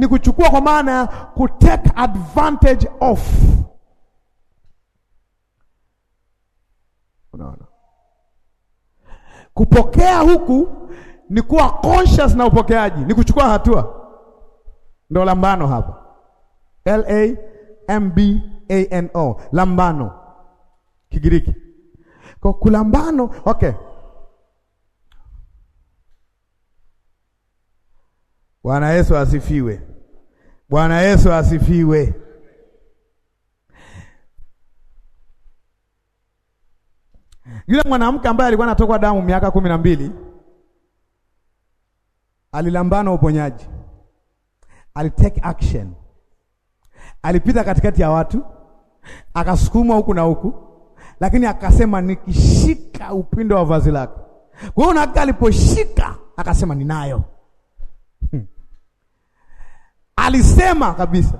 ni kuchukua kwa maana ya kutake advantage of. Unaona, kupokea huku ni kuwa conscious na upokeaji, ni kuchukua hatua. Ndio lambano hapa, L A M B A N O, lambano Kigiriki, kwa kulambano. Okay, Bwana Yesu asifiwe. Bwana Yesu asifiwe. Yule mwanamke ambaye alikuwa anatokwa damu miaka kumi na mbili alilambana uponyaji, alitake action, alipita katikati ya watu, akasukumwa huku na huku, lakini akasema nikishika upindo wa vazi lake. Kwa hiyo na aliposhika akasema ninayo. Hmm. Alisema kabisa,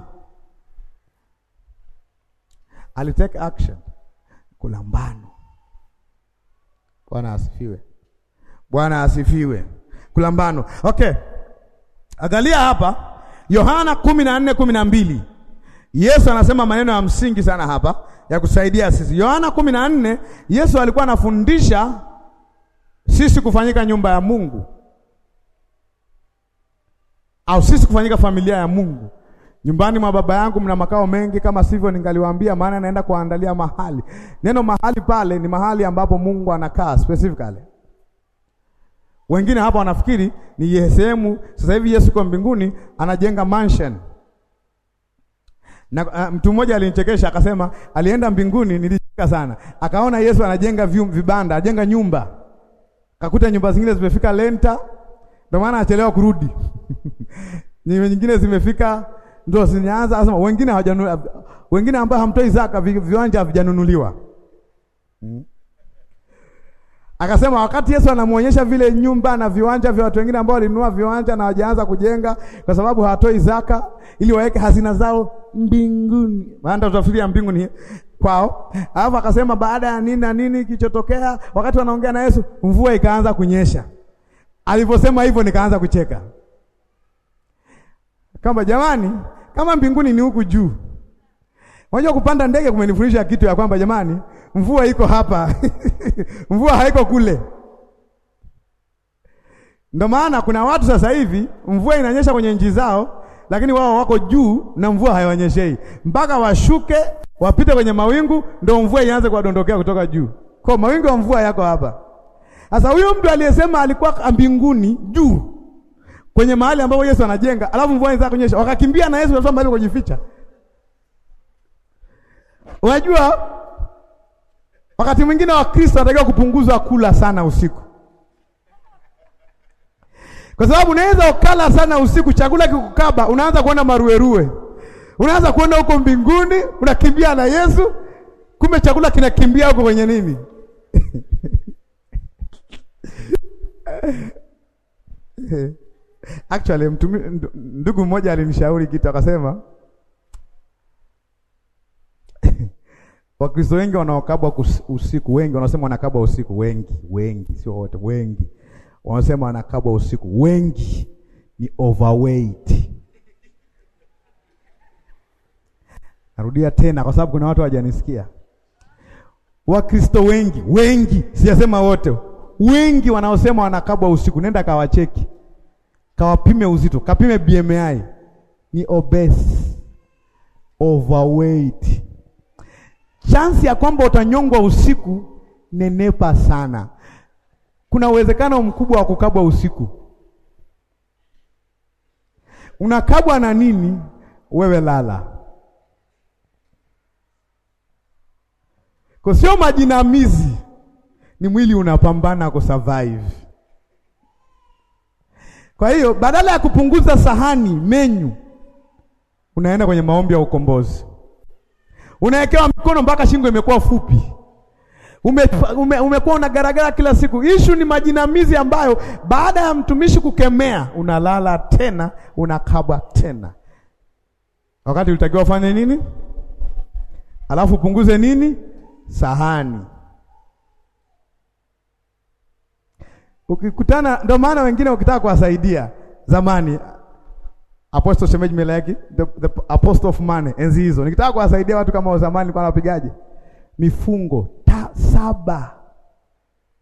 alitake action kula mbano. Bwana asifiwe, Bwana asifiwe. Kula mbano, okay. Angalia hapa Yohana kumi na nne kumi na mbili. Yesu anasema maneno ya msingi sana hapa ya kusaidia sisi. Yohana kumi na nne, Yesu alikuwa anafundisha sisi kufanyika nyumba ya Mungu au sisi kufanyika familia ya Mungu. Nyumbani mwa Baba yangu mna makao mengi, kama sivyo ningaliwaambia, maana naenda kuandalia mahali. Neno mahali pale ni mahali ambapo Mungu anakaa specifically. Wengine hapa wanafikiri ni sehemu. Sasa hivi Yesu kwa mbinguni anajenga mansion na uh, mtu mmoja alinichekesha akasema, alienda mbinguni, nilishika sana, akaona Yesu anajenga vibanda, anajenga nyumba, kakuta nyumba zingine zimefika lenta ndio maana achelewa kurudi. Nyingine nyingine zimefika ndio zinaanza asema wengine hawajanunuliwa wengine ambao hamtoi zaka viwanja havijanunuliwa. Hmm. Akasema wakati Yesu anamuonyesha vile nyumba na viwanja vya watu wengine ambao walinunua viwanja na hawajaanza kujenga kwa sababu hawatoi zaka ili waweke hazina zao mbinguni. Maana tutafikiria mbinguni kwao. Alafu akasema baada ya nini na nini kilichotokea wakati wanaongea na Yesu mvua ikaanza kunyesha. Aliposema hivyo nikaanza kucheka, kama jamani, kama mbinguni ni huku juu. Unajua kupanda ndege kumenifundisha kitu ya kwamba jamani, mvua iko hapa mvua haiko kule. Ndio maana kuna watu sasa hivi mvua inanyesha kwenye nchi zao, lakini wao wako juu na mvua haionyeshei mpaka washuke wapite kwenye mawingu, ndio mvua ianze kuwadondokea kutoka juu. Kwa mawingu ya mvua yako hapa sasa huyo mtu aliyesema alikuwa mbinguni juu kwenye mahali ambapo Yesu anajenga, alafu mvua inaanza kunyesha, wakakimbia na Yesu kwa mahali kujificha. Unajua, wakati mwingine Wakristo wanatakiwa kupunguza kula sana usiku, kwa sababu unaweza ukala sana usiku, chakula kikukaba, unaanza kuona maruerue, unaanza kuona huko mbinguni, unakimbia na Yesu, kumbe chakula kinakimbia huko kwenye nini Actually mtumi, ndugu mmoja alinishauri kitu akasema, Wakristo wengi wanaokabwa usiku, wengi wanasema wanakabwa usiku, wengi wengi, sio wote, wengi wanasema wanakabwa usiku, wengi ni overweight. Narudia tena kwa sababu kuna watu hawajanisikia. Wakristo wengi wengi, sijasema wote wengi wanaosema wanakabwa usiku, nenda kawacheki, kawapime uzito, kapime BMI, ni obese, overweight. Chansi ya kwamba utanyongwa usiku nenepa sana. Kuna uwezekano mkubwa wa kukabwa usiku. Unakabwa na nini? Wewe lala kwa, sio majinamizi ni mwili unapambana kusurvive. Kwa hiyo badala ya kupunguza sahani menyu, unaenda kwenye maombi ya ukombozi, unawekewa mikono mpaka shingo imekuwa fupi. Ume, ume, umekuwa unagaragara kila siku. Ishu ni majinamizi ambayo baada ya mtumishi kukemea, unalala tena, unakabwa tena, wakati ulitakiwa ufanye nini? Alafu upunguze nini? Sahani. Ukikutana, ndio maana wengine ukitaka kuwasaidia zamani, apostle shemeji Meleki, the, the apostle of money, enzi hizo nikitaka kuwasaidia watu kama wa zamani, kwa napigaje mifungo ta saba,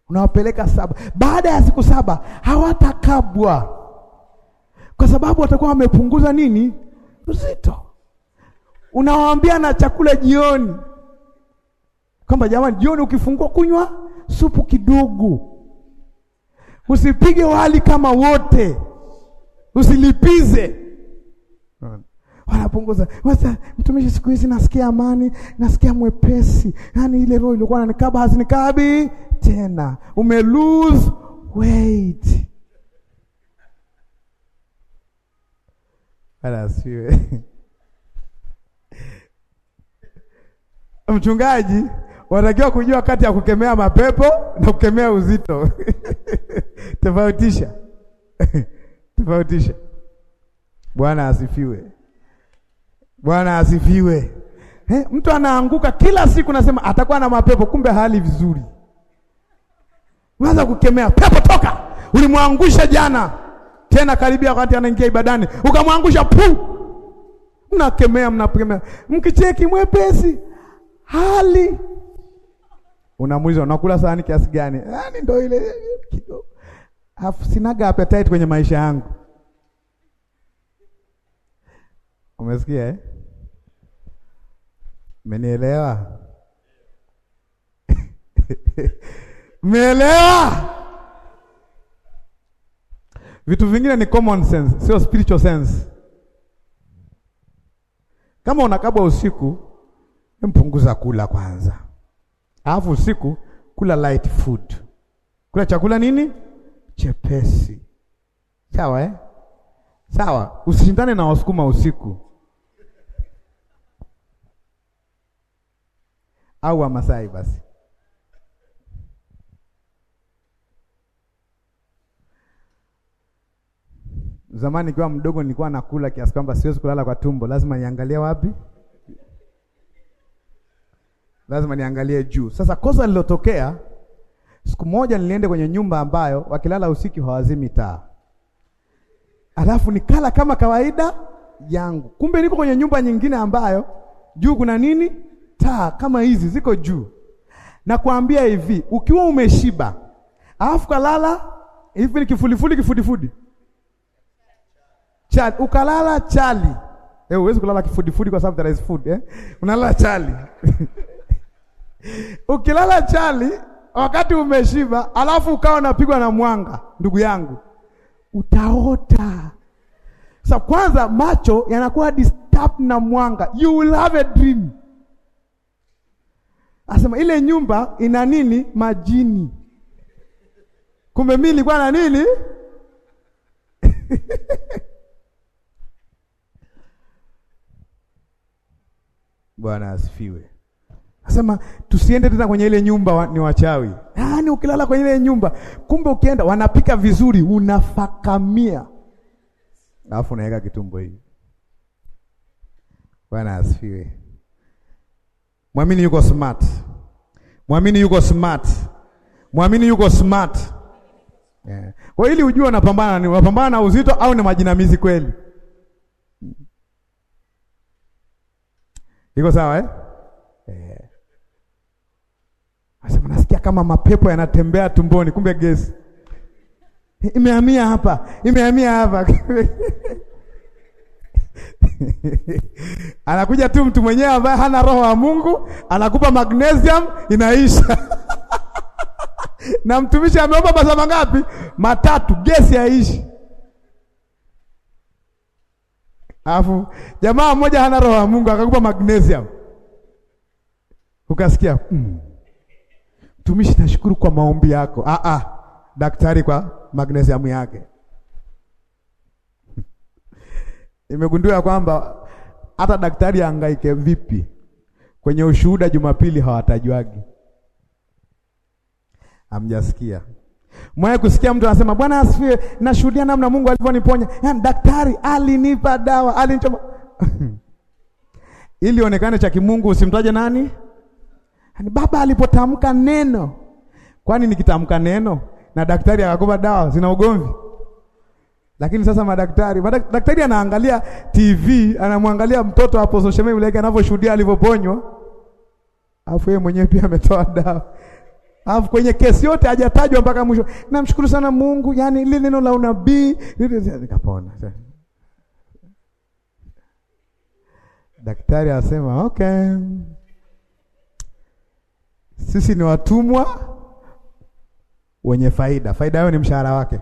unawapeleka saba. Baada ya siku saba hawatakabwa, kwa sababu watakuwa wamepunguza nini uzito. Unawaambia na chakula jioni, kwamba jamani, jioni ukifungua kunywa supu kidogo Usipige wali kama wote, usilipize. Wanapunguza sasa. Mtumishi, siku hizi nasikia amani, nasikia mwepesi, yaani ile roho ilikuwa inanikaba hazinikabi tena. Ume lose weight. Mchungaji wanatakiwa kujua kati ya kukemea mapepo na kukemea uzito tofautisha tofautisha. Bwana asifiwe, Bwana asifiwe. He, mtu anaanguka kila siku, nasema atakuwa na mapepo, kumbe hali vizuri. Unaanza kukemea pepo, toka! Ulimwangusha jana, tena karibia wakati anaingia ibadani, ukamwangusha pu Mnakemea, mnakemea, mkicheki mwepesi hali unamuuliza unakula sahani kiasi gani? Yaani ndio ile kidogo. Alafu sinaga appetite kwenye maisha yangu. Umesikia eh? Mmenielewa? Mmeelewa? Vitu vingine ni common sense, sio spiritual sense. Kama unakabwa usiku, mpunguza kula kwanza alafu usiku kula light food, kula chakula nini chepesi, sawa eh? Sawa, usishindane na wasukuma usiku au Wamasai basi Zamani nikiwa mdogo nilikuwa nakula kiasi kwamba siwezi kulala kwa tumbo, lazima niangalie wapi lazima niangalie juu. Sasa kosa lilotokea, siku moja niliende kwenye nyumba ambayo wakilala usiku hawazimi taa, alafu nikala kama kawaida yangu, kumbe niko kwenye nyumba nyingine ambayo juu kuna nini, taa kama hizi ziko juu. Na kuambia hivi, ukiwa umeshiba alafu kalala hivi, ni kifulifuli kifudifudi chali, ukalala chali eh, uwezi kulala kifudifudi kwa sababu there is food eh, unalala chali Ukilala chali wakati umeshiba, alafu ukawa unapigwa na mwanga, ndugu yangu, utaota. sa kwanza macho yanakuwa disturb na mwanga, you will have a dream. Asema ile nyumba ina nini? Majini. Kumbe mimi nilikuwa na nini? Bwana asifiwe. Anasema tusiende tena kwenye ile nyumba wa, ni wachawi. Yaani ukilala kwenye ile nyumba, kumbe ukienda wanapika vizuri unafakamia. Alafu unaweka kitumbo hii. Bwana asifiwe. Mwamini yuko smart. Mwamini yuko smart. Mwamini yuko smart. Yeah. Kwa ili ujue unapambana ni unapambana na uzito au ni majinamizi kweli. Iko sawa eh? Anasema nasikia kama mapepo yanatembea tumboni, kumbe gesi imehamia hapa, imehamia hapa anakuja tu mtu mwenyewe ambaye hana roho ya Mungu, anakupa magnesium inaisha. na mtumishi ameomba masaa mangapi? Matatu, gesi haishi. Alafu jamaa mmoja hana roho ya Mungu akakupa magnesium, ukasikia mm mtumishi, nashukuru kwa maombi yako. Ah, ah, daktari kwa magnesium yake. Imegundua kwamba hata daktari angaike vipi kwenye ushuhuda Jumapili hawatajwagi. Amjasikia mwaye kusikia mtu anasema Bwana asifiwe, nashuhudia namna Mungu alivyoniponya, yaani daktari alinipa dawa alinichoma ili onekane cha kimungu, usimtaje nani Yaani baba alipotamka neno, kwani nikitamka neno na daktari akakopa dawa zina ugomvi? Lakini sasa madaktari, madaktari anaangalia TV, anamwangalia mtoto hapo social media yake anavyoshuhudia alivyoponywa. Alafu yeye mwenyewe pia ametoa dawa. Alafu kwenye kesi yote hajatajwa mpaka mwisho. Namshukuru sana Mungu, yani lile neno la unabii nikapona. Daktari asema okay. Sisi ni watumwa wenye faida. Faida yao ni mshahara wake.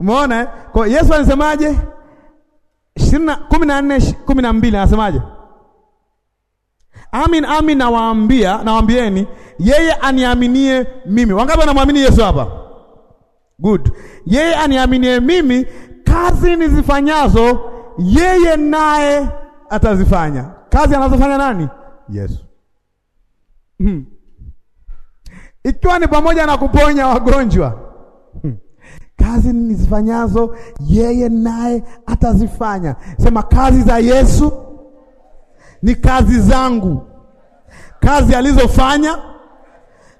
Umeona? Eh? Kwa Yesu anasemaje? kumi na na mbili anasemaje? Amin, amin nawaambia, nawaambieni yeye aniaminie mimi. Wangapi wanamwamini Yesu hapa? Good. Yeye aniaminie mimi, kazi nizifanyazo yeye naye atazifanya. Kazi anazofanya nani? Yesu hmm. ikiwa ni pamoja na kuponya wagonjwa hmm. Kazi nizifanyazo yeye naye atazifanya. Sema kazi za Yesu ni kazi zangu, kazi alizofanya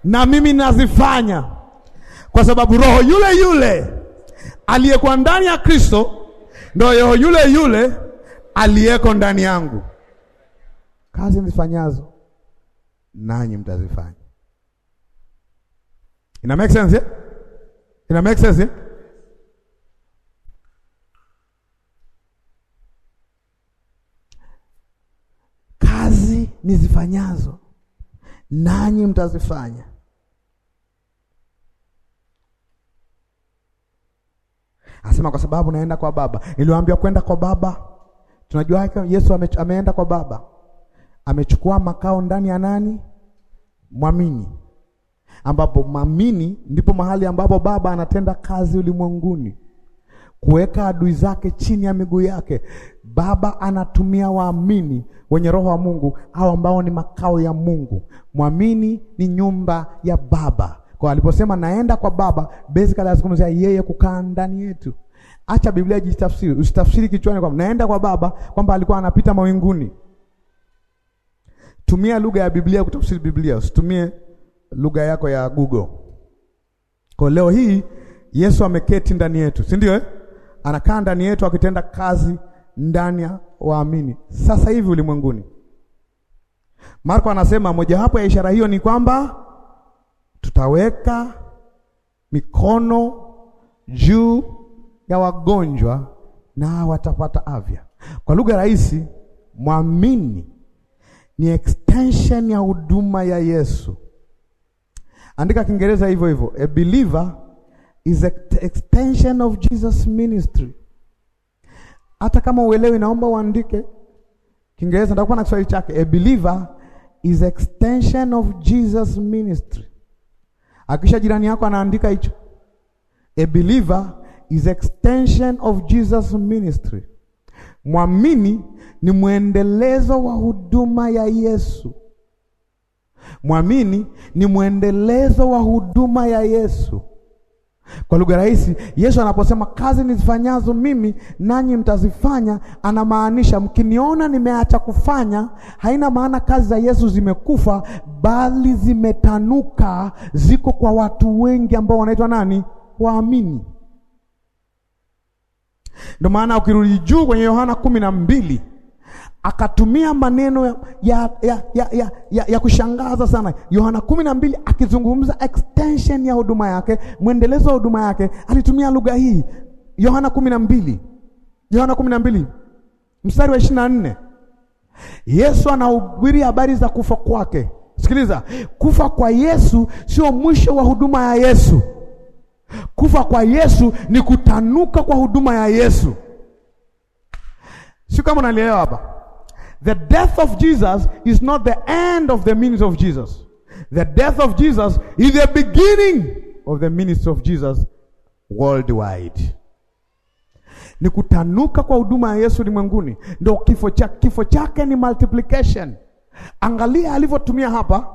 na mimi nazifanya, kwa sababu roho yule yule aliyekuwa ndani ya Kristo ndio roho yule yule aliyeko ndani yangu. Kazi nizifanyazo nanyi mtazifanya. Ina make sense eh? Ina make sense eh? Kazi nizifanyazo nanyi mtazifanya. Asema kwa sababu naenda kwa Baba. Niliwaambia kwenda kwa Baba. Tunajua Yesu ame, ameenda kwa Baba amechukua makao ndani ya nani? Mwamini, ambapo mwamini ndipo mahali ambapo Baba anatenda kazi ulimwenguni, kuweka adui zake chini ya miguu yake. Baba anatumia waamini wenye roho wa Mungu, au ambao ni makao ya Mungu. Mwamini ni nyumba ya Baba. Kwa aliposema naenda kwa Baba, basically azungumzia yeye kukaa ndani yetu. Acha Biblia jitafsiri, usitafsiri kichwani kwamba naenda kwa Baba, kwamba alikuwa anapita mawinguni tumia lugha ya Biblia kutafsiri Biblia, usitumie lugha yako ya Google. Kwa leo hii Yesu ameketi ndani yetu, si ndio eh? Anakaa ndani yetu akitenda kazi ndani ya waamini sasa hivi ulimwenguni. Marko anasema mojawapo ya ishara hiyo ni kwamba tutaweka mikono juu ya wagonjwa na watapata afya. Kwa lugha rahisi, mwamini ni extension ya huduma ya Yesu. Andika Kiingereza hivyo hivyo, a believer is an extension of Jesus ministry. Hata kama uelewi, naomba uandike Kiingereza, nitakuwa na Kiswahili chake. A believer is extension of Jesus ministry. Akisha jirani yako anaandika hicho, a believer is extension of Jesus ministry. Mwamini ni mwendelezo wa huduma ya Yesu. Mwamini ni mwendelezo wa huduma ya Yesu. Kwa lugha rahisi, Yesu anaposema kazi nizifanyazo mimi nanyi mtazifanya, anamaanisha mkiniona nimeacha kufanya, haina maana kazi za Yesu zimekufa, bali zimetanuka, ziko kwa watu wengi ambao wanaitwa nani? Waamini. Ndio maana ukirudi juu kwenye Yohana kumi na mbili akatumia maneno ya, ya, ya, ya, ya, ya kushangaza sana. Yohana kumi na mbili akizungumza extension ya huduma yake, mwendelezo wa huduma yake, alitumia lugha hii. Yohana kumi na mbili Yohana kumi na mbili mstari wa ishirini na nne Yesu anahubiri habari za kufa kwake. Sikiliza, kufa kwa Yesu sio mwisho wa huduma ya Yesu. Kufa kwa Yesu ni kutanuka kwa huduma ya Yesu. Si kama unanielewa hapa? The death of Jesus is not the end of the ministry of Jesus. The death of Jesus is the beginning of the ministry of Jesus worldwide. Ni kutanuka kwa huduma ya Yesu ulimwenguni. Ndio kifo chake, kifo chake ni multiplication. Angalia alivyotumia hapa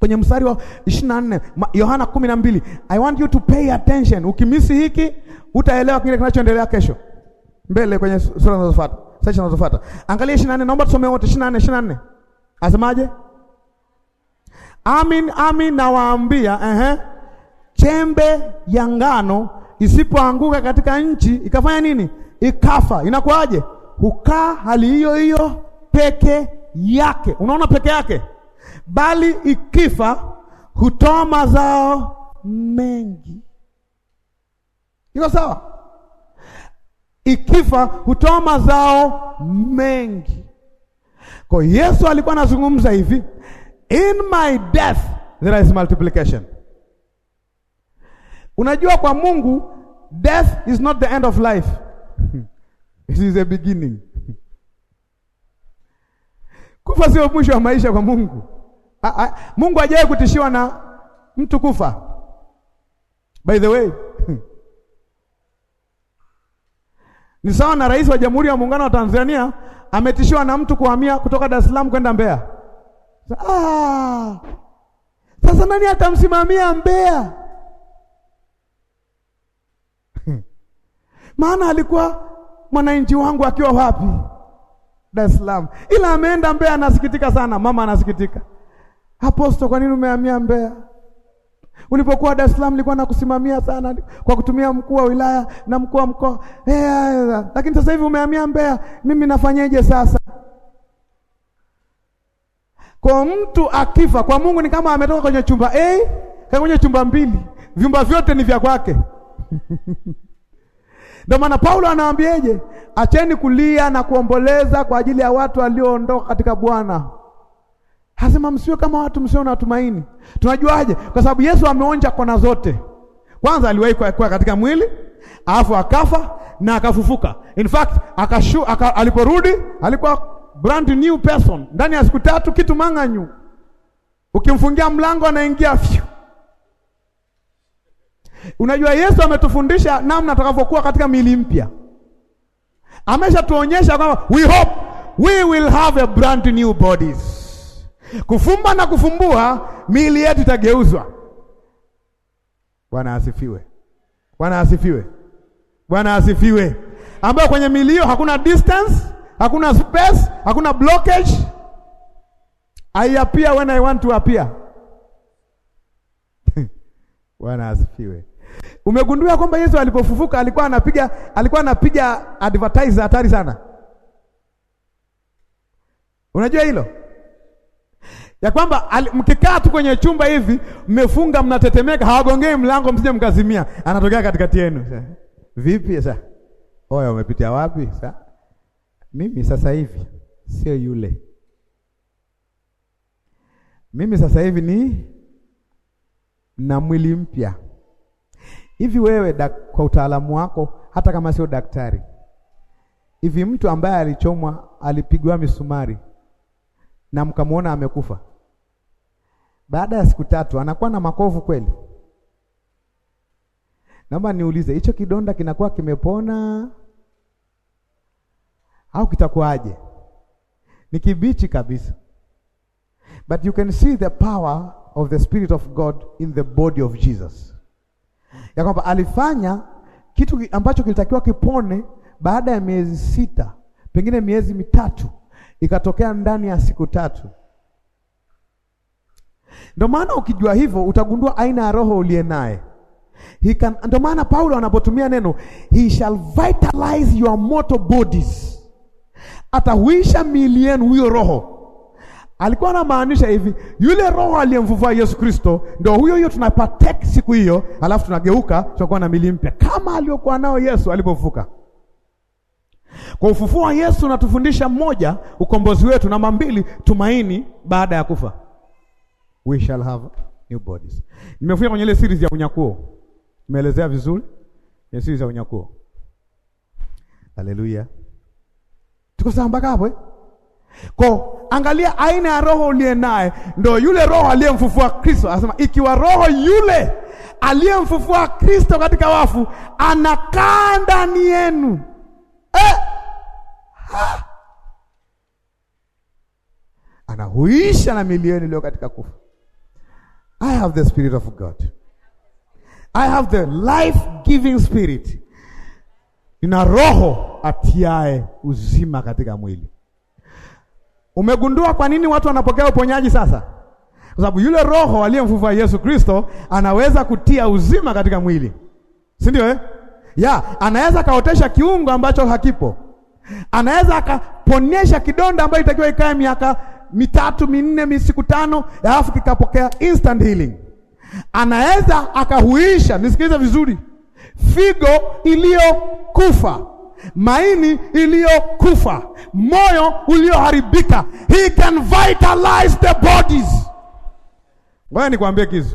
kwenye mstari wa 24 Yohana 12, I want you to pay attention. Ukimisi hiki utaelewa kile kinachoendelea kesho mbele kwenye sura zinazofuata, sasa zinazofuata. Angalia 24, naomba tusome wote 24, 24. Asemaje? Amin, amin nawaambia, ehe, chembe ya ngano isipoanguka katika nchi ikafanya nini? Ikafa. Inakuwaje? Hukaa hali hiyo hiyo peke yake. Unaona peke yake? bali ikifa hutoa mazao mengi. Iko sawa? Ikifa hutoa mazao mengi. Kwa Yesu alikuwa anazungumza hivi, in my death there is multiplication. Unajua, kwa Mungu death is not the end of life it is a beginning. Kufa sio mwisho wa maisha kwa Mungu. A, ah, a, ah, Mungu hajawahi kutishiwa na mtu kufa. By the way ni sawa na rais wa Jamhuri ya Muungano wa Tanzania ametishiwa na mtu kuhamia kutoka Dar es Salaam kwenda Mbeya. Ah, sasa nani atamsimamia Mbeya? Maana alikuwa mwananchi wangu akiwa wapi? Dar es Salaam, ila ameenda Mbeya, anasikitika sana. Mama anasikitika. Aposto, kwa nini umehamia Mbeya? Ulipokuwa Dar es Salaam nilikuwa nakusimamia sana kwa kutumia mkuu wa wilaya na mkuu wa mkoa. yeah. Eh, eh. lakini sasa hivi umehamia Mbeya, mimi nafanyeje sasa? Kwa mtu akifa kwa Mungu ni kama ametoka kwenye chumba A, kwenye chumba mbili. Vyumba vyote ni vya kwake. Ndio maana Paulo anawaambieje? Acheni kulia na kuomboleza kwa ajili ya watu walioondoka katika Bwana. Hasema msiwe kama watu msio na tumaini. Tunajuaje? Kwa sababu Yesu ameonja kona zote. Kwanza aliwahi kuwa katika mwili, alafu akafa na akafufuka. In fact, akashu aka, aliporudi alikuwa brand new person. Ndani ya siku tatu kitu mang'anyu. Ukimfungia mlango anaingia fyu. Unajua Yesu ametufundisha namna tutakavyokuwa katika mili mpya. Ameshatuonyesha kwamba we hope we will have a brand new bodies. Kufumba na kufumbua, miili yetu itageuzwa. Bwana asifiwe! Bwana asifiwe! Bwana asifiwe! Ambayo kwenye miili hiyo hakuna distance, hakuna space, hakuna blockage. I appear when I want to appear. Bwana asifiwe. Umegundua kwamba Yesu alipofufuka alikuwa anapiga alikuwa anapiga advertise hatari sana. Unajua hilo? ya kwamba mkikaa tu kwenye chumba hivi mmefunga, mnatetemeka, hawagongei mlango, msije mkazimia, anatokea katikati yenu. Vipi sasa? Oya, umepitia wapi sasa? Mimi sasa hivi sio yule, mimi sasa hivi ni na mwili mpya. Hivi wewe dak, kwa utaalamu wako, hata kama sio daktari, hivi mtu ambaye alichomwa, alipigwa misumari na mkamwona amekufa, baada ya siku tatu anakuwa na makovu kweli? Naomba niulize, hicho kidonda kinakuwa kimepona au kitakuwaje? Ni kibichi kabisa. But you can see the power of the spirit of God in the body of Jesus, ya kwamba alifanya kitu ambacho kilitakiwa kipone baada ya miezi sita, pengine miezi mitatu, ikatokea ndani ya siku tatu. Ndio maana ukijua hivyo utagundua aina ya roho uliye naye. Ndio maana Paulo anapotumia neno he shall vitalize your mortal bodies, atahuisha miili yenu. Huyo roho alikuwa anamaanisha hivi, yule roho aliyemvuvua Yesu Kristo ndio huyo huyo tunapatek siku hiyo, alafu tunageuka tunakuwa na miili mpya kama aliyokuwa nao Yesu alipofuka. Kwa ufufuo wa Yesu natufundisha mmoja, ukombozi wetu, namba mbili, tumaini baada ya kufa we shall have new bodies. Nimefanya kwenye ile series ya unyakuo, nimeelezea vizuri kwenye series ya unyakuo. Haleluya, tuko sawa mpaka hapo eh? Kwa angalia aina ya roho uliye naye ndo yule roho aliyemfufua Kristo. Anasema ikiwa roho yule aliyemfufua Kristo katika wafu anakaa ndani yenu eh! anahuisha na milioni yenu iliyo katika kufa. I have the Spirit of God. I have the life-giving spirit. Nina roho atiae uzima katika mwili. Umegundua kwa nini watu wanapokea uponyaji sasa? Kwa sababu yule roho aliyemfufua Yesu Kristo anaweza kutia uzima katika mwili, si ndio eh? Ya, anaweza akaotesha kiungo ambacho hakipo, anaweza akaponyesha kidonda ambayo itakiwa ikae miaka mitatu minne misiku tano, alafu kikapokea instant healing. Anaweza akahuisha, nisikilize vizuri, figo iliyokufa, maini iliyokufa, moyo ulioharibika. He can vitalize the bodies. Ngoja nikwambie kitu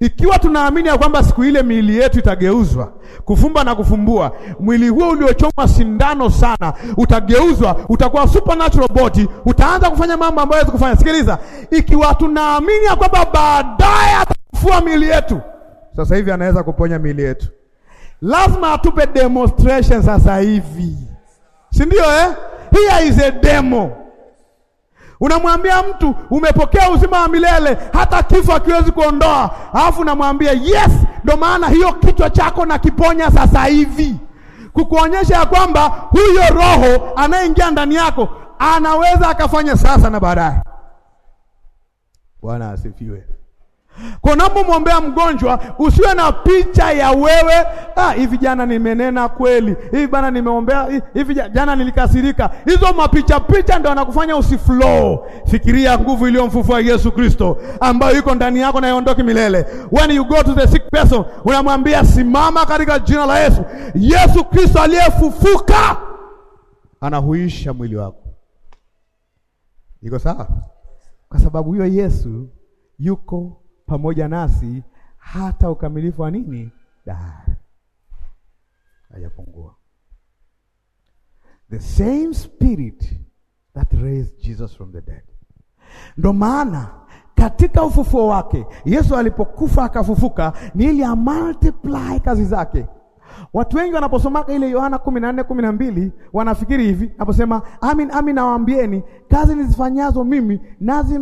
ikiwa tunaamini ya kwamba siku ile miili yetu itageuzwa, kufumba na kufumbua, mwili huo uliochomwa sindano sana utageuzwa, utakuwa supernatural body, utaanza kufanya mambo ambayo hawezi kufanya. Sikiliza, ikiwa tunaamini ya kwamba baadaye atakufua miili yetu, sasa hivi anaweza kuponya miili yetu, lazima atupe demonstration sasa hivi, si ndio eh? Here is a demo. Unamwambia mtu umepokea uzima wa milele, hata kifo hakiwezi kuondoa, alafu unamwambia yes. Ndo maana hiyo kichwa chako kiponya sasa hivi, kukuonyesha ya kwamba huyo roho anayeingia ndani yako anaweza akafanya sasa na baadaye. Bwana asifiwe. Kwa unapomwombea mgonjwa usiwe na picha ya wewe, ah, hivi jana nimenena kweli, hivi bana nimeombea hivi, jana nilikasirika. Hizo mapicha picha ndio anakufanya usiflow. Fikiria nguvu iliyomfufua Yesu Kristo ambayo iko ndani yako na iondoki milele. When you go to the sick person, unamwambia simama katika jina la Yesu. Yesu Kristo aliyefufuka anahuisha mwili wako. Iko sawa? Kwa sababu hiyo Yesu yuko pamoja nasi hata ukamilifu wa nini dahari hajapungua. The same spirit that raised Jesus from the dead. Ndo maana katika ufufuo wake Yesu alipokufa akafufuka, ni ili amultiply kazi zake Watu wengi wanaposomaka ile Yohana kumi na nne kumi na mbili wanafikiri hivi naposema, amin amin nawaambieni, kazi nizifanyazo mimi nazi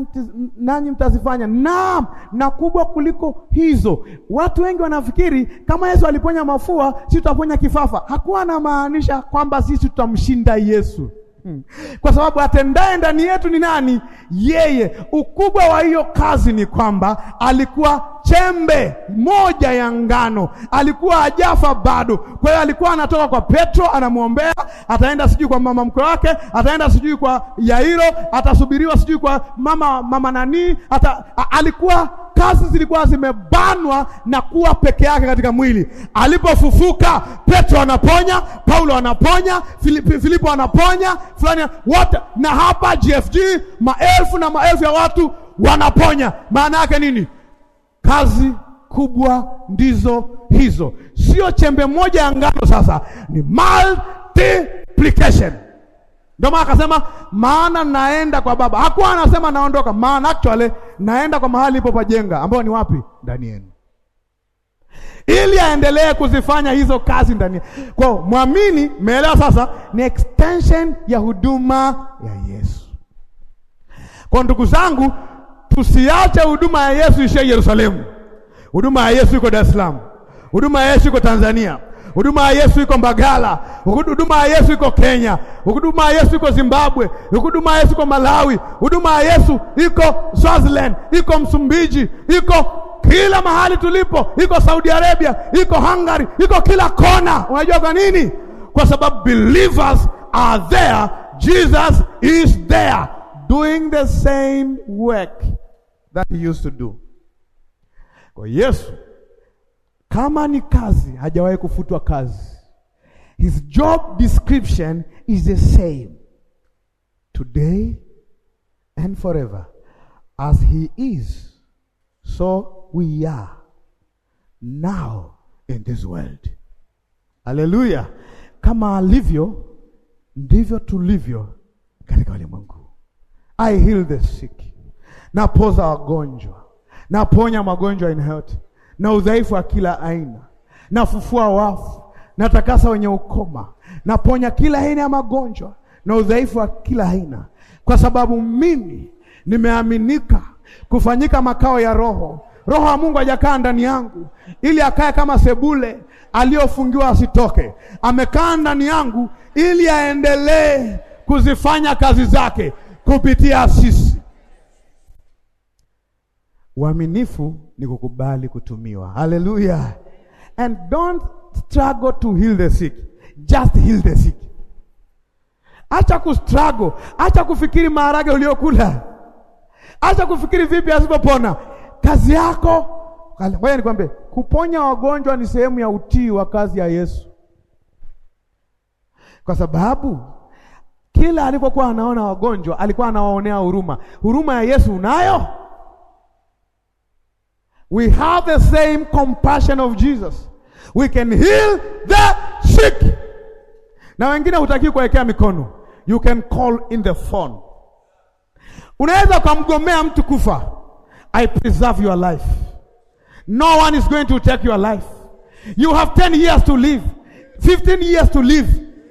nanyi mtazifanya, naam na kubwa kuliko hizo. Watu wengi wanafikiri kama Yesu aliponya mafua, sisi tutaponya kifafa. Hakuwa anamaanisha kwamba sisi tutamshinda Yesu hmm. kwa sababu atendaye ndani yetu ni nani? Yeye. Ukubwa wa hiyo kazi ni kwamba alikuwa chembe moja ya ngano, alikuwa ajafa bado. Kwa hiyo alikuwa anatoka kwa Petro, anamwombea, ataenda sijui kwa mama mkwe wake, ataenda sijui kwa Yairo, atasubiriwa sijui kwa mama mama nani, ata, a, alikuwa kazi zilikuwa zimebanwa na kuwa peke yake katika mwili. Alipofufuka, Petro anaponya, Paulo anaponya, Filipi, Filipo anaponya, fulani wote, na hapa GFG maelfu na maelfu ya watu wanaponya. Maana yake nini? Kazi kubwa ndizo hizo, sio chembe moja ya ngano. Sasa ni multiplication. Ndio maana akasema, maana naenda kwa Baba. Hakuwa anasema naondoka, maana actually naenda kwa mahali ipo pajenga, ambao ni wapi? Ndani yenu, ili aendelee kuzifanya hizo kazi ndani kwao. Mwamini, meelewa? Sasa ni extension ya huduma ya Yesu. Kwa ndugu zangu Tusiache huduma ya Yesu ishe Yerusalemu. Huduma ya Yesu iko Dar es Salaam, huduma ya Yesu iko Tanzania, huduma ya Yesu iko Mbagala, huduma ya Yesu iko Kenya, huduma ya Yesu iko Zimbabwe, huduma ya Yesu iko Malawi, huduma ya Yesu iko Swaziland, iko Msumbiji, iko kila mahali tulipo, iko Saudi Arabia, iko Hungary, iko kila kona. Unajua kwa nini? Kwa sababu believers are there, Jesus is there doing the same work that he used to do. Kwa Yesu kama ni kazi, hajawahi kufutwa kazi. His job description is the same today and forever. As he is, so we are now in this world. Haleluya! Kama alivyo ndivyo tulivyo katika ulimwengu. I heal the sick napoza wagonjwa, naponya magonjwa in health na udhaifu wa kila aina, nafufua wafu, natakasa wenye ukoma, naponya kila aina ya magonjwa na udhaifu wa kila aina, kwa sababu mimi nimeaminika kufanyika makao ya Roho. Roho wa Mungu hajakaa ndani yangu ili akae kama sebule aliyofungiwa asitoke. Amekaa ndani yangu ili aendelee kuzifanya kazi zake kupitia sisi. Uaminifu ni kukubali kutumiwa. Haleluya! And don't struggle to heal the sick, just heal the sick. Acha kustruggle, acha kufikiri maharage uliokula, acha kufikiri vipi asipopona. Kazi yako ngoja nikwambie, kuponya wagonjwa ni sehemu ya utii wa kazi ya Yesu, kwa sababu kila alipokuwa anaona wagonjwa alikuwa anawaonea huruma. Huruma ya Yesu unayo? we have the same compassion of Jesus, we can heal the sick. Na wengine hutaki kuwekea mikono, you can call in the phone. Unaweza ukamgomea mtu kufa, I preserve your life. No one is going to take your life. You have 10 years to live, 15 years to live.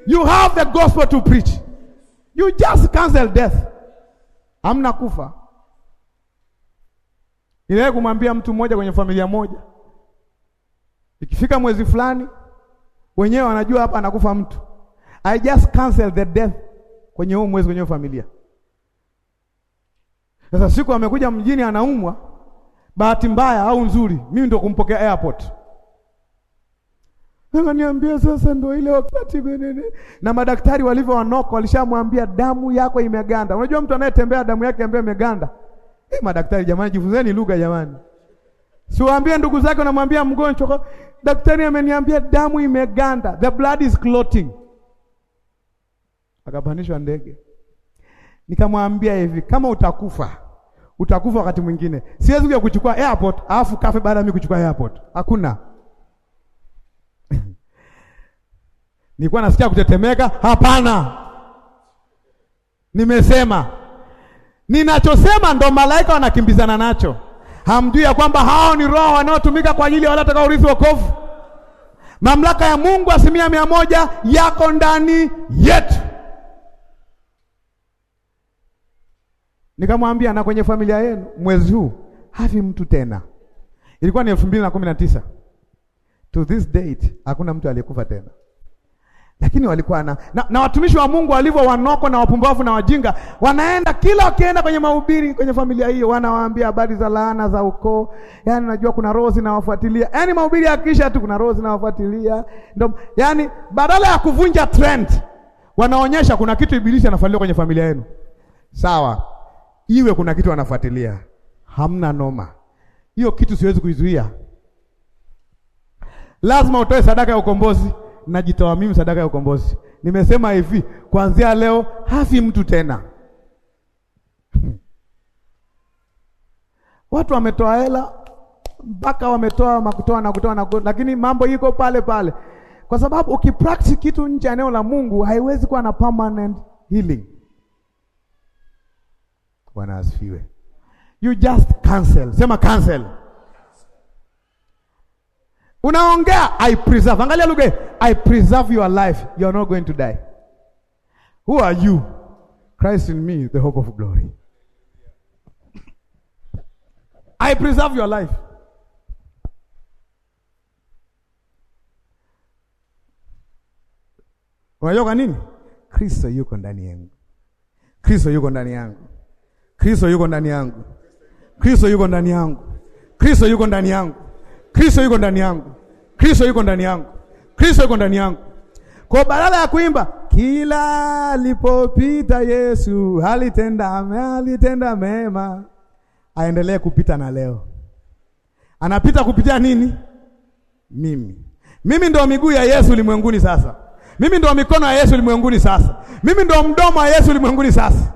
You have the gospel to preach. You just cancel death. amna kufa. Niliwahi kumwambia mtu mmoja kwenye familia moja, ikifika mwezi fulani, wenyewe wanajua hapa anakufa mtu. I just cancel the death kwenye huo mwezi, kwenye huo familia. Sasa siku amekuja mjini, anaumwa, bahati mbaya au nzuri, mimi ndio kumpokea airport Niambia sasa, ndio ile wakati gani? Na madaktari walivyo wanoko, walishamwambia damu yako imeganda. Unajua mtu anayetembea damu yake ambayo imeganda Eh, madaktari jamani, jifunzeni lugha jamani. Siwaambie ndugu zake, namwambia mgonjwa, daktari ameniambia damu imeganda, the blood is clotting. Akapandishwa ndege, nikamwambia hivi, kama utakufa utakufa wakati mwingine, siwezi kuja kuchukua airport alafu kafe baada ya mimi kuchukua airport. Hakuna. Nilikuwa nasikia kutetemeka. Hapana, nimesema Ninachosema ndo malaika wanakimbizana nacho. Hamjui ya kwamba hao ni roho wanaotumika kwa ajili ya wale urithi wokovu. Mamlaka ya Mungu asilimia mia moja yako ndani yetu. Nikamwambia na kwenye familia yenu mwezi huu havi mtu tena. Ilikuwa ni elfu mbili na kumi na tisa. To this date hakuna mtu aliyekufa tena. Lakini walikuwa na, na, na watumishi wa Mungu walivyo wanoko na wapumbavu na wajinga, wanaenda kila wakienda kwenye mahubiri kwenye familia hiyo, wanawaambia habari za laana za ukoo. Yani najua kuna roho zinawafuatilia, yani mahubiri yakisha tu kuna roho zinawafuatilia, ndio Yani badala ya kuvunja trend wanaonyesha kuna kitu ibilisi anafuatilia kwenye familia yenu. Sawa, iwe kuna kitu anafuatilia, hamna noma, hiyo kitu siwezi kuizuia, lazima utoe sadaka ya ukombozi najitoa mimi sadaka ya ukombozi. Nimesema hivi, kuanzia leo hafi mtu tena. Watu wametoa hela mpaka wametoa makutoa na kutoa na kutoa, lakini mambo iko pale pale, kwa sababu ukipractice kitu nje ya eneo la Mungu haiwezi kuwa na permanent healing. Bwana asifiwe. You just cancel. Sema cancel. Unaongea I preserve. Angalia lugha I preserve your life, you not going to die. Who are you? Christ in me, the hope of glory. I preserve your life. Unajua kwa nini? Kristo yuko ndani yangu. Kristo yuko ndani yangu. Kristo yuko ndani yangu. Kristo yuko ndani yangu. Kristo yuko ndani yangu. Kristo yuko ndani yangu. Kristo yuko ndani yangu. Kristo yuko ndani yangu. Kwa badala ya kuimba kila alipopita Yesu alitenda mema, alitenda mema, aendelee kupita na leo anapita kupitia nini? Mimi, mimi ndo miguu ya Yesu ulimwenguni sasa. Mimi ndo mikono ya Yesu ulimwenguni sasa. Mimi ndo mdomo wa Yesu ulimwenguni sasa.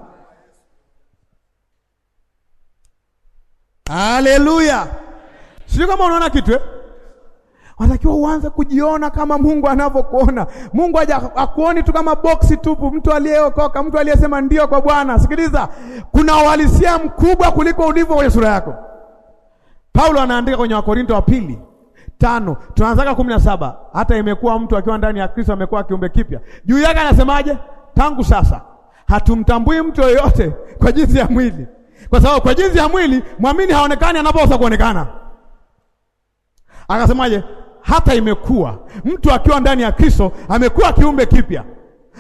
Haleluya! Sijui kama unaona kitu eh? Unatakiwa uanze kujiona kama Mungu anavyokuona. Mungu haja akuoni tu kama boksi tupu, mtu aliyeokoka, mtu aliyesema ndio kwa Bwana. Sikiliza, kuna uhalisia mkubwa kuliko ulivyo kwenye sura yako. Paulo anaandika kwenye Wakorinto wa pili tano tunaanza kumi na saba hata imekuwa mtu akiwa ndani ya Kristo amekuwa kiumbe kipya. Juu yake anasemaje? Tangu sasa hatumtambui mtu yoyote kwa jinsi ya mwili, kwa sababu kwa jinsi ya mwili mwamini haonekani anaposa kuonekana. Akasemaje? hata imekuwa. Mtu akiwa ndani ya Kristo amekuwa kiumbe kipya.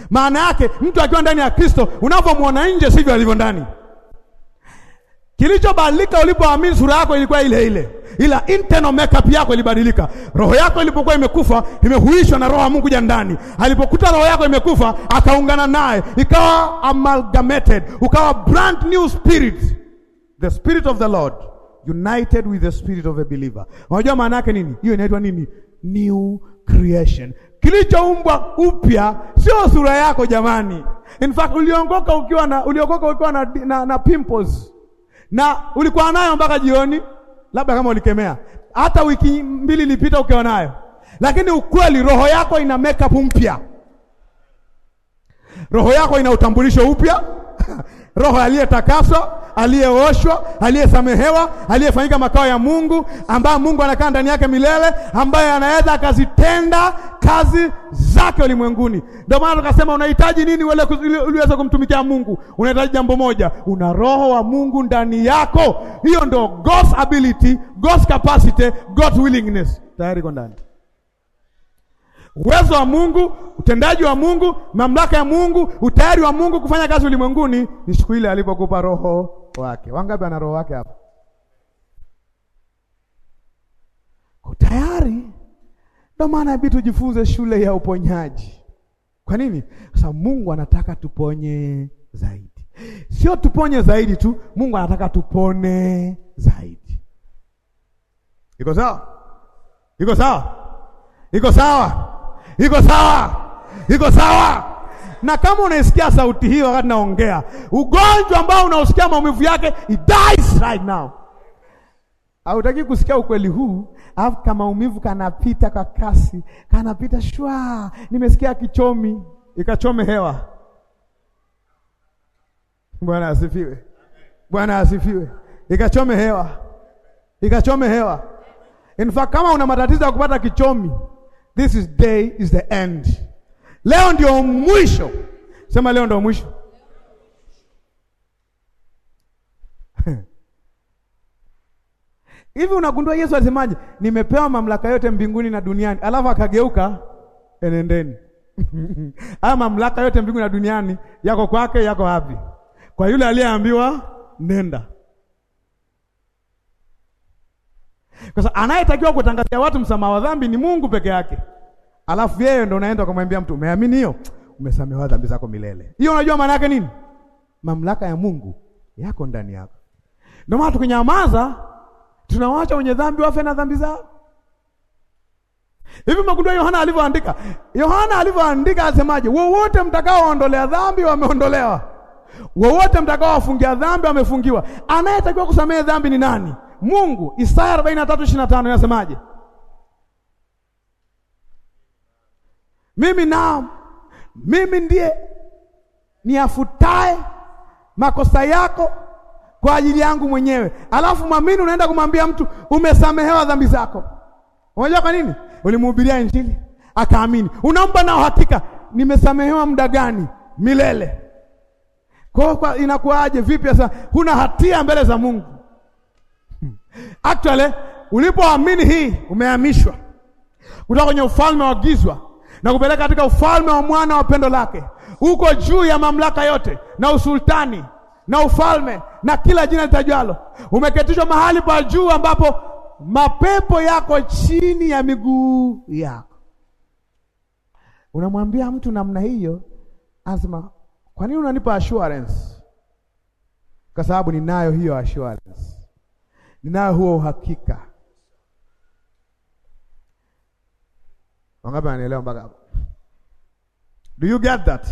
Maana yake mtu akiwa ndani ya Kristo, unavyomwona nje sivyo alivyo ndani. Kilichobadilika ulipoamini, sura yako ilikuwa ile ile, ila internal makeup yako ilibadilika. Roho yako ilipokuwa imekufa, imehuishwa na roho ya Mungu ya ndani. Alipokuta roho yako imekufa, akaungana naye, ikawa amalgamated, ukawa brand new spirit, the spirit of the Lord united with the spirit of a believer. Unajua maana yake nini? Hiyo inaitwa nini? New creation, kilichoumbwa upya, sio sura yako jamani. In fact uliongoka ukiwa na uliokoka ukiwa na, na, na pimples na ulikuwa nayo mpaka jioni, labda kama ulikemea hata wiki mbili ilipita ukiwa nayo, lakini ukweli, roho yako ina makeup mpya, roho yako ina utambulisho upya roho aliyetakaswa, aliyeoshwa, aliyesamehewa, aliyefanyika makao ya Mungu, ambaye Mungu anakaa ndani yake milele, ambaye anaweza akazitenda kazi zake ulimwenguni. Ndio maana tukasema unahitaji nini uliweza kumtumikia Mungu? Unahitaji jambo moja, una roho wa Mungu ndani yako. Hiyo ndio God's ability, God's capacity, God's willingness. Tayari iko ndani uwezo wa Mungu, utendaji wa Mungu, mamlaka ya Mungu, utayari wa Mungu kufanya kazi ulimwenguni ni siku ile alipokupa roho wake. Wangapi ana roho wake hapa? Tayari ndio maana bidi tujifunze shule ya uponyaji. Kwa nini? Sasa Mungu anataka tuponye zaidi, sio tuponye zaidi tu, Mungu anataka tupone zaidi. Iko sawa? Iko sawa? Iko sawa? iko sawa, iko sawa. Na kama unaisikia sauti hii wakati naongea, ugonjwa ambao unaosikia maumivu yake, it dies right now. Hautaki kusikia ukweli huu, alafu kama maumivu kanapita kwa kasi, kanapita shwa, nimesikia kichomi, ikachome hewa. Bwana asifiwe, Bwana asifiwe, ikachome hewa, ikachome hewa. In fact, kama una matatizo ya kupata kichomi This is day is the end. Leo ndio mwisho. Sema leo ndio mwisho. Hivi unagundua Yesu alisemaje? Nimepewa mamlaka yote mbinguni na duniani. Alafu akageuka enendeni. aya mamlaka yote mbinguni na duniani yako kwake, yako wapi? Kwa yule aliyeambiwa nenda. Kwa sababu anayetakiwa kutangazia watu msamaha wa dhambi ni Mungu peke yake, alafu yeye ndo naenda kumwambia mtu umeamini hiyo, umesamehewa dhambi zako milele. Hiyo unajua maana yake nini? Mamlaka ya Mungu yako ndani yako. Ndio maana tukinyamaza tunawaacha wenye dhambi wafe na dhambi zao. Hivi makundua Yohana alivyoandika, Yohana alivyoandika asemaje? Wowote mtakaoondolea dhambi wameondolewa, wowote mtakaowafungia dhambi wamefungiwa. Anayetakiwa kusamehe dhambi ni nani? Mungu. Isaya 43:25 inasemaje? Mimi na mimi ndiye niafutae makosa yako kwa ajili yangu mwenyewe. Alafu mwamini unaenda kumwambia mtu umesamehewa dhambi zako. Unajua kwa nini? Ulimhubiria Injili akaamini. unampa na uhakika, nimesamehewa muda gani? Milele. Kwa hiyo inakuwaje? Vipi sasa? Huna hatia mbele za Mungu. Actually, ulipoamini hii umehamishwa kutoka kwenye ufalme wa gizwa na kupeleka katika ufalme wa mwana wa pendo lake, uko juu ya mamlaka yote na usultani na ufalme na kila jina litajwalo. Umeketishwa mahali pa juu ambapo mapepo yako chini ya miguu yako. Unamwambia mtu namna hiyo, anasema kwa nini unanipa assurance? Kwa sababu ninayo hiyo assurance. Ninao huo uhakika. Wangapi wanaelewa mpaka hapo? Do you get that?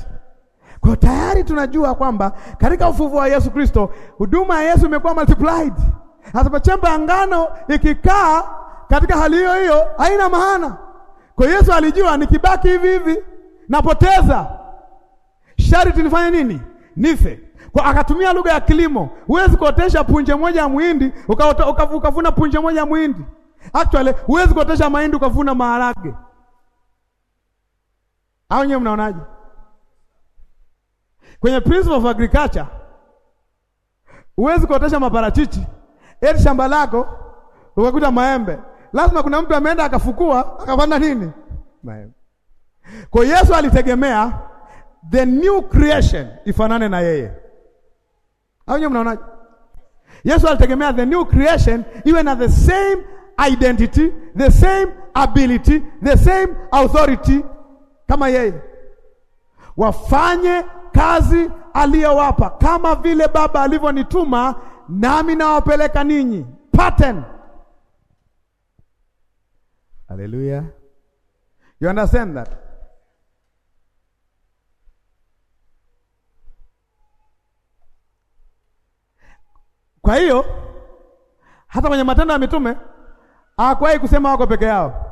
Kwa tayari tunajua kwamba katika ufufuo wa Yesu Kristo, huduma ya Yesu imekuwa multiplied. Hata chembe ya ngano ikikaa katika hali hiyo hiyo haina maana. Kwa Yesu alijua nikibaki hivi hivi napoteza. Sharti nifanye nini? Nife kwa akatumia lugha ya kilimo. Huwezi kuotesha punje moja ya muhindi ukavuna punje moja ya muhindi. Actually huwezi kuotesha mahindi ukavuna maharage. Au nyewe mnaonaje? Kwenye principle of agriculture huwezi kuotesha maparachichi eti shamba lako ukakuta maembe. Lazima kuna mtu ameenda akafukua akapanda nini? Maembe. Kwa Yesu alitegemea the new creation ifanane na yeye. Au nyewe mnaona? Yesu alitegemea the new creation iwe na the same identity, the same ability, the same authority kama yeye. Wafanye kazi aliyowapa kama vile Baba alivyonituma nami nawapeleka ninyi. Pattern. Hallelujah. You understand that? Kwa hiyo hata kwenye matendo ya mitume hawakuwahi kusema wako peke yao.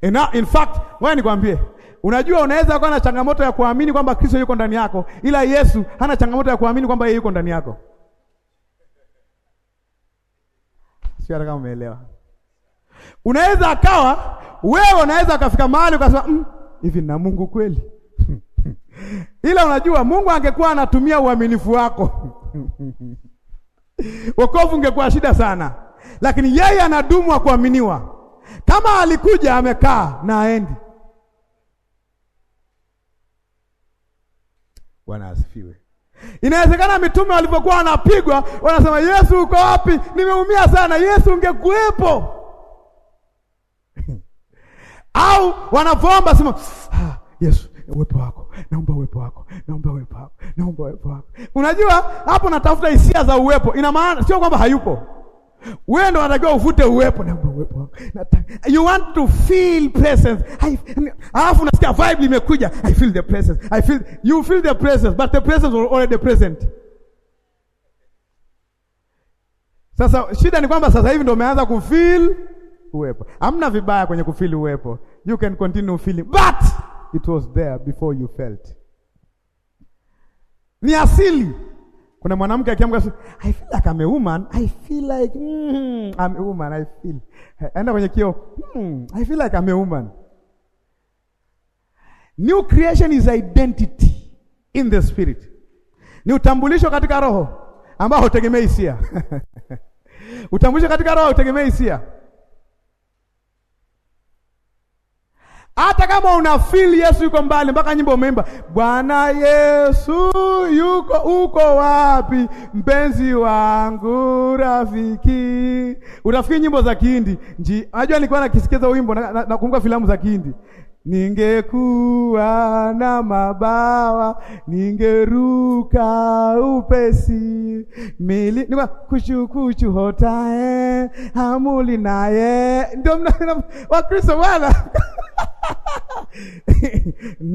In, in fact, wewe nikwambie, unajua unaweza kuwa na changamoto ya kuamini kwamba Kristo yuko ndani yako, ila Yesu hana changamoto ya kuamini kwamba yeye yuko ndani yako. Sio kama umeelewa. Unaweza akawa wewe unaweza ukafika mahali ukasema mm, hivi na Mungu kweli? ila unajua Mungu angekuwa anatumia uaminifu wako wokovu ungekuwa shida sana, lakini yeye anadumu wa kuaminiwa. Kama alikuja amekaa na aendi. Bwana asifiwe. Inawezekana mitume walivyokuwa wanapigwa wanasema, Yesu uko wapi? Nimeumia sana, Yesu ungekuwepo. au wanavomba sema, ah, Yesu uwepo wako, naomba uwepo wako, naomba uwepo wako, naomba uwepo wako. Unajua hapo natafuta hisia za uwepo, ina maana sio kwamba hayupo. Wewe ndo unatakiwa uvute uwepo, naomba uwepo wako. You want to feel presence. Alafu unasikia vibe imekuja, I feel the presence. I feel you feel the presence, but the presence was already present. Sasa shida ni kwamba sasa hivi ndo umeanza kufeel uwepo. Hamna vibaya kwenye kufeel uwepo. You can continue feeling. But It was there before you felt. Ni asili. Kuna mwanamke akiamka, I feel like I'm a woman. I feel like mm, I'm a woman. I feel. Aenda kwenye kio, mm, I feel like I'm a woman. New creation is identity in the spirit. Ni utambulisho katika roho ambao hutegemea hisia. Utambulisho katika roho hutegemea hisia. Hata kama una feel Yesu yuko mbali, mpaka nyimbo umeimba, Bwana Yesu yuko uko wapi, mpenzi wangu, rafiki. Unafikiri nyimbo za Kihindi nji, unajua nilikuwa nakisikiza wimbo nakumbuka na, na filamu za Kihindi Ningekuwa na mabawa ningeruka upesi mili nikwa kuchukuchu hotae hamuli naye ndio Wakristo wala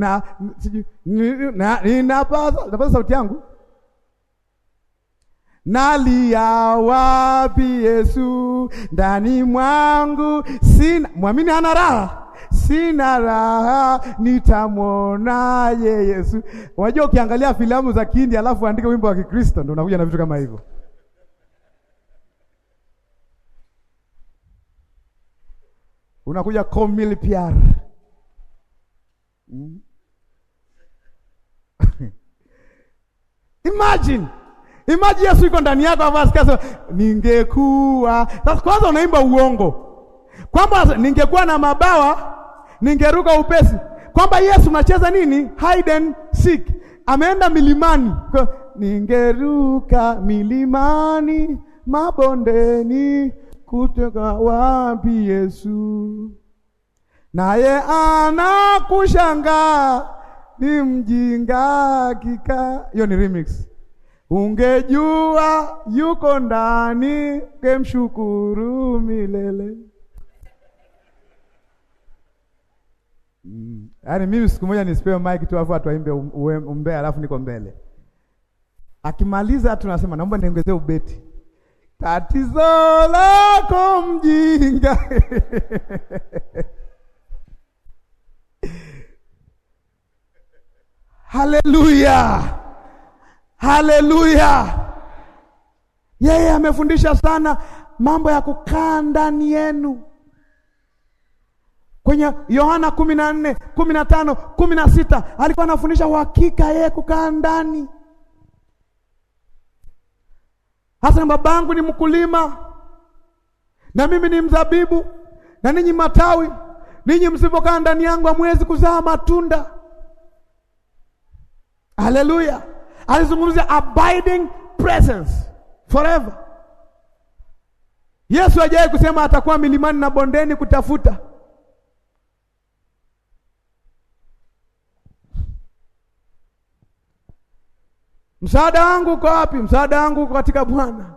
na napaza sauti yangu, nalia wapi Yesu ndani mwangu, sina mwamini, hana raha, sina raha, nitamwonaje Yesu? Unajua, ukiangalia filamu za Kihindi alafu andike wimbo wa Kikristo, ndio unakuja na vitu kama hivyo. Unakuja komil piar Mm-hmm. Imagine. Imagine Yesu yuko ndani yako hapo askasa ningekuwa. Sasa kwanza unaimba uongo. Kwamba ningekuwa na mabawa ningeruka upesi. Kwamba Yesu unacheza nini? Hide and seek. Ameenda milimani. Kwa, ningeruka milimani, mabondeni, kutoka wapi Yesu? naye anakushangaa ni mjinga kika. Hiyo ni remix. Ungejua yuko ndani, kemshukuru milele. Mm. Yaani mimi siku moja nisipewe mic tu afu atuaimbe umbea alafu niko mbele. Akimaliza tunasema naomba niongezee ubeti. Tatizo lako mjinga Haleluya, haleluya. Yeye amefundisha sana mambo ya kukaa ndani yenu kwenye Yohana kumi na nne kumi na tano kumi na sita alikuwa anafundisha uhakika yeye kukaa ndani hasa. Babangu ni mkulima na mimi ni mzabibu, na ninyi matawi. Ninyi msipokaa ndani yangu hamwezi kuzaa matunda. Haleluya! Alizungumzia abiding presence forever. Yesu hajawahi kusema atakuwa milimani na bondeni kutafuta. Msaada wangu uko wapi? Msaada wangu uko katika Bwana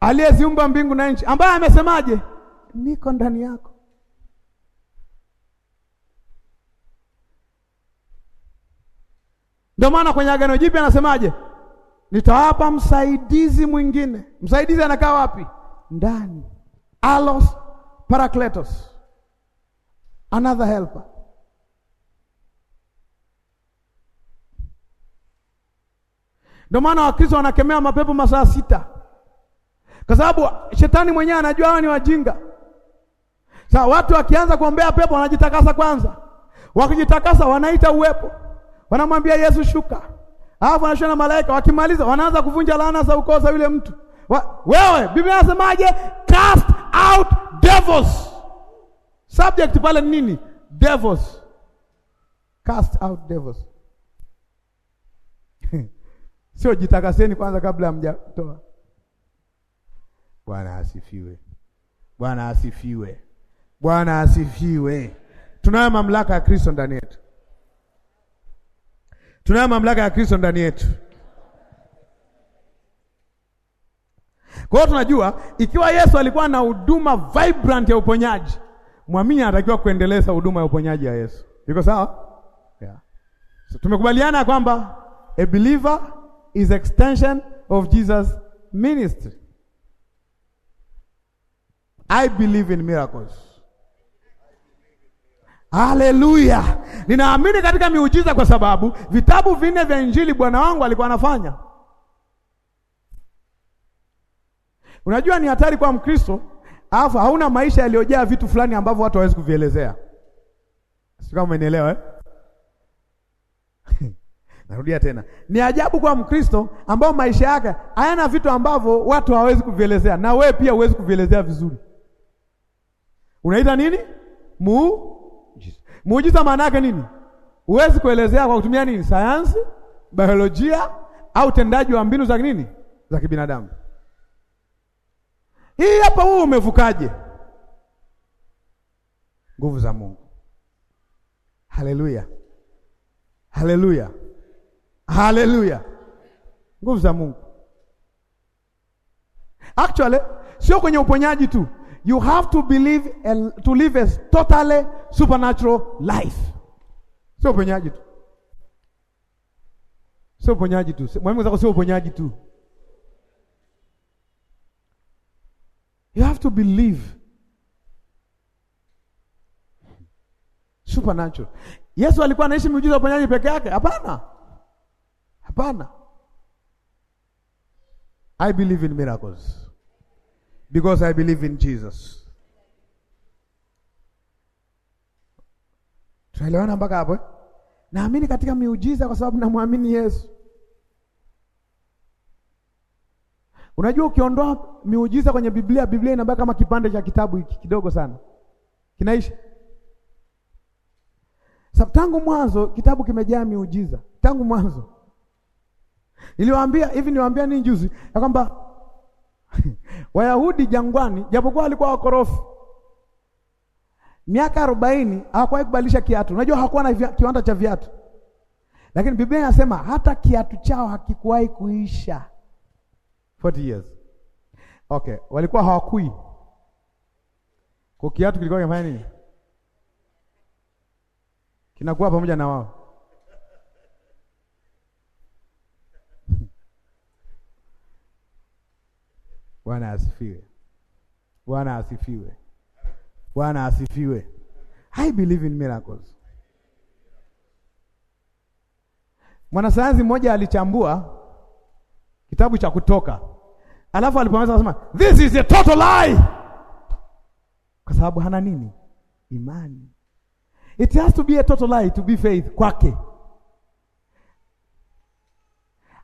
aliyeziumba mbingu na nchi, ambaye amesemaje, niko ndani yako. Ndio maana kwenye Agano Jipya anasemaje? Nitawapa msaidizi mwingine. Msaidizi anakaa wapi? Ndani. Alos Parakletos, another helper. Ndio maana Wakristo wanakemea mapepo masaa sita, kwa sababu shetani mwenyewe anajua hawa ni wajinga. Sasa watu wakianza kuombea pepo wanajitakasa kwanza, wakijitakasa wanaita uwepo Wanamwambia Yesu shuka, alafu anashuka na malaika. Wakimaliza wanaanza kuvunja laana za ukoo za yule mtu. Wa, wewe Biblia inasemaje? Cast out devils. Subject pale nini? Devils. Cast out devils. Sio jitakaseni kwanza kabla hamjatoa. Bwana asifiwe. Bwana asifiwe. Bwana asifiwe. Tunayo mamlaka ya Kristo ndani yetu. Tunayo mamlaka ya Kristo ndani yetu. Kwa hiyo tunajua ikiwa Yesu alikuwa na huduma vibrant ya uponyaji, mwamini anatakiwa kuendeleza huduma ya uponyaji ya Yesu. Iko sawa? Yeah. So, tumekubaliana kwamba a believer is extension of Jesus ministry. I believe in miracles. Haleluya! Ninaamini katika miujiza kwa sababu vitabu vinne vya Injili bwana wangu alikuwa anafanya. Unajua ni hatari kwa Mkristo, alafu hauna maisha yaliyojaa vitu fulani ambavyo watu hawezi kuvielezea. Sio kama umenielewa eh? Narudia tena, ni ajabu kwa Mkristo ambao maisha yake hayana vitu ambavyo watu hawawezi kuvielezea, na we pia huwezi kuvielezea vizuri. Unaita nini muu Muujiza maana yake nini? Huwezi kuelezea kwa kutumia nini? Sayansi, biolojia au utendaji wa mbinu za nini? Za kibinadamu. Hii hapa wewe umevukaje? Nguvu za Mungu. Haleluya. Haleluya. Haleluya. Nguvu za Mungu. Actually sio kwenye uponyaji tu you have to believe a, to live a totally supernatural life. Sio uponyaji tu, sio uponyaji tu, mwalimu mwenzako, sio uponyaji tu. You have to believe supernatural. Yesu alikuwa anaishi miujiza ya uponyaji peke yake? Hapana, hapana. I believe in miracles because I believe in Jesus. Tunaelewana mpaka hapo? Eh? Naamini katika miujiza kwa sababu namwamini Yesu. Unajua, ukiondoa miujiza kwenye Biblia, Biblia inabaki kama kipande cha kitabu hiki kidogo sana, kinaisha. Sababu tangu mwanzo kitabu kimejaa miujiza, tangu mwanzo. Niliwaambia hivi, niliwaambia nini juzi ya kwamba Wayahudi jangwani, japokuwa walikuwa wakorofi, miaka arobaini hawakuwahi kubadilisha kiatu. Unajua hawakuwa na kiwanda cha viatu, lakini Biblia inasema hata kiatu chao hakikuwahi kuisha 40 years. Okay, walikuwa hawakui kwa kiatu, kilikuwa kinafanya nini? Kinakuwa pamoja na wao Bwana asifiwe. Bwana asifiwe. Bwana asifiwe. I believe in miracles. Mwanasayansi mmoja alichambua kitabu cha Kutoka, alafu alipomaliza akasema this is a total lie, kwa sababu hana nini? Imani. It has to be a total lie to be faith kwake.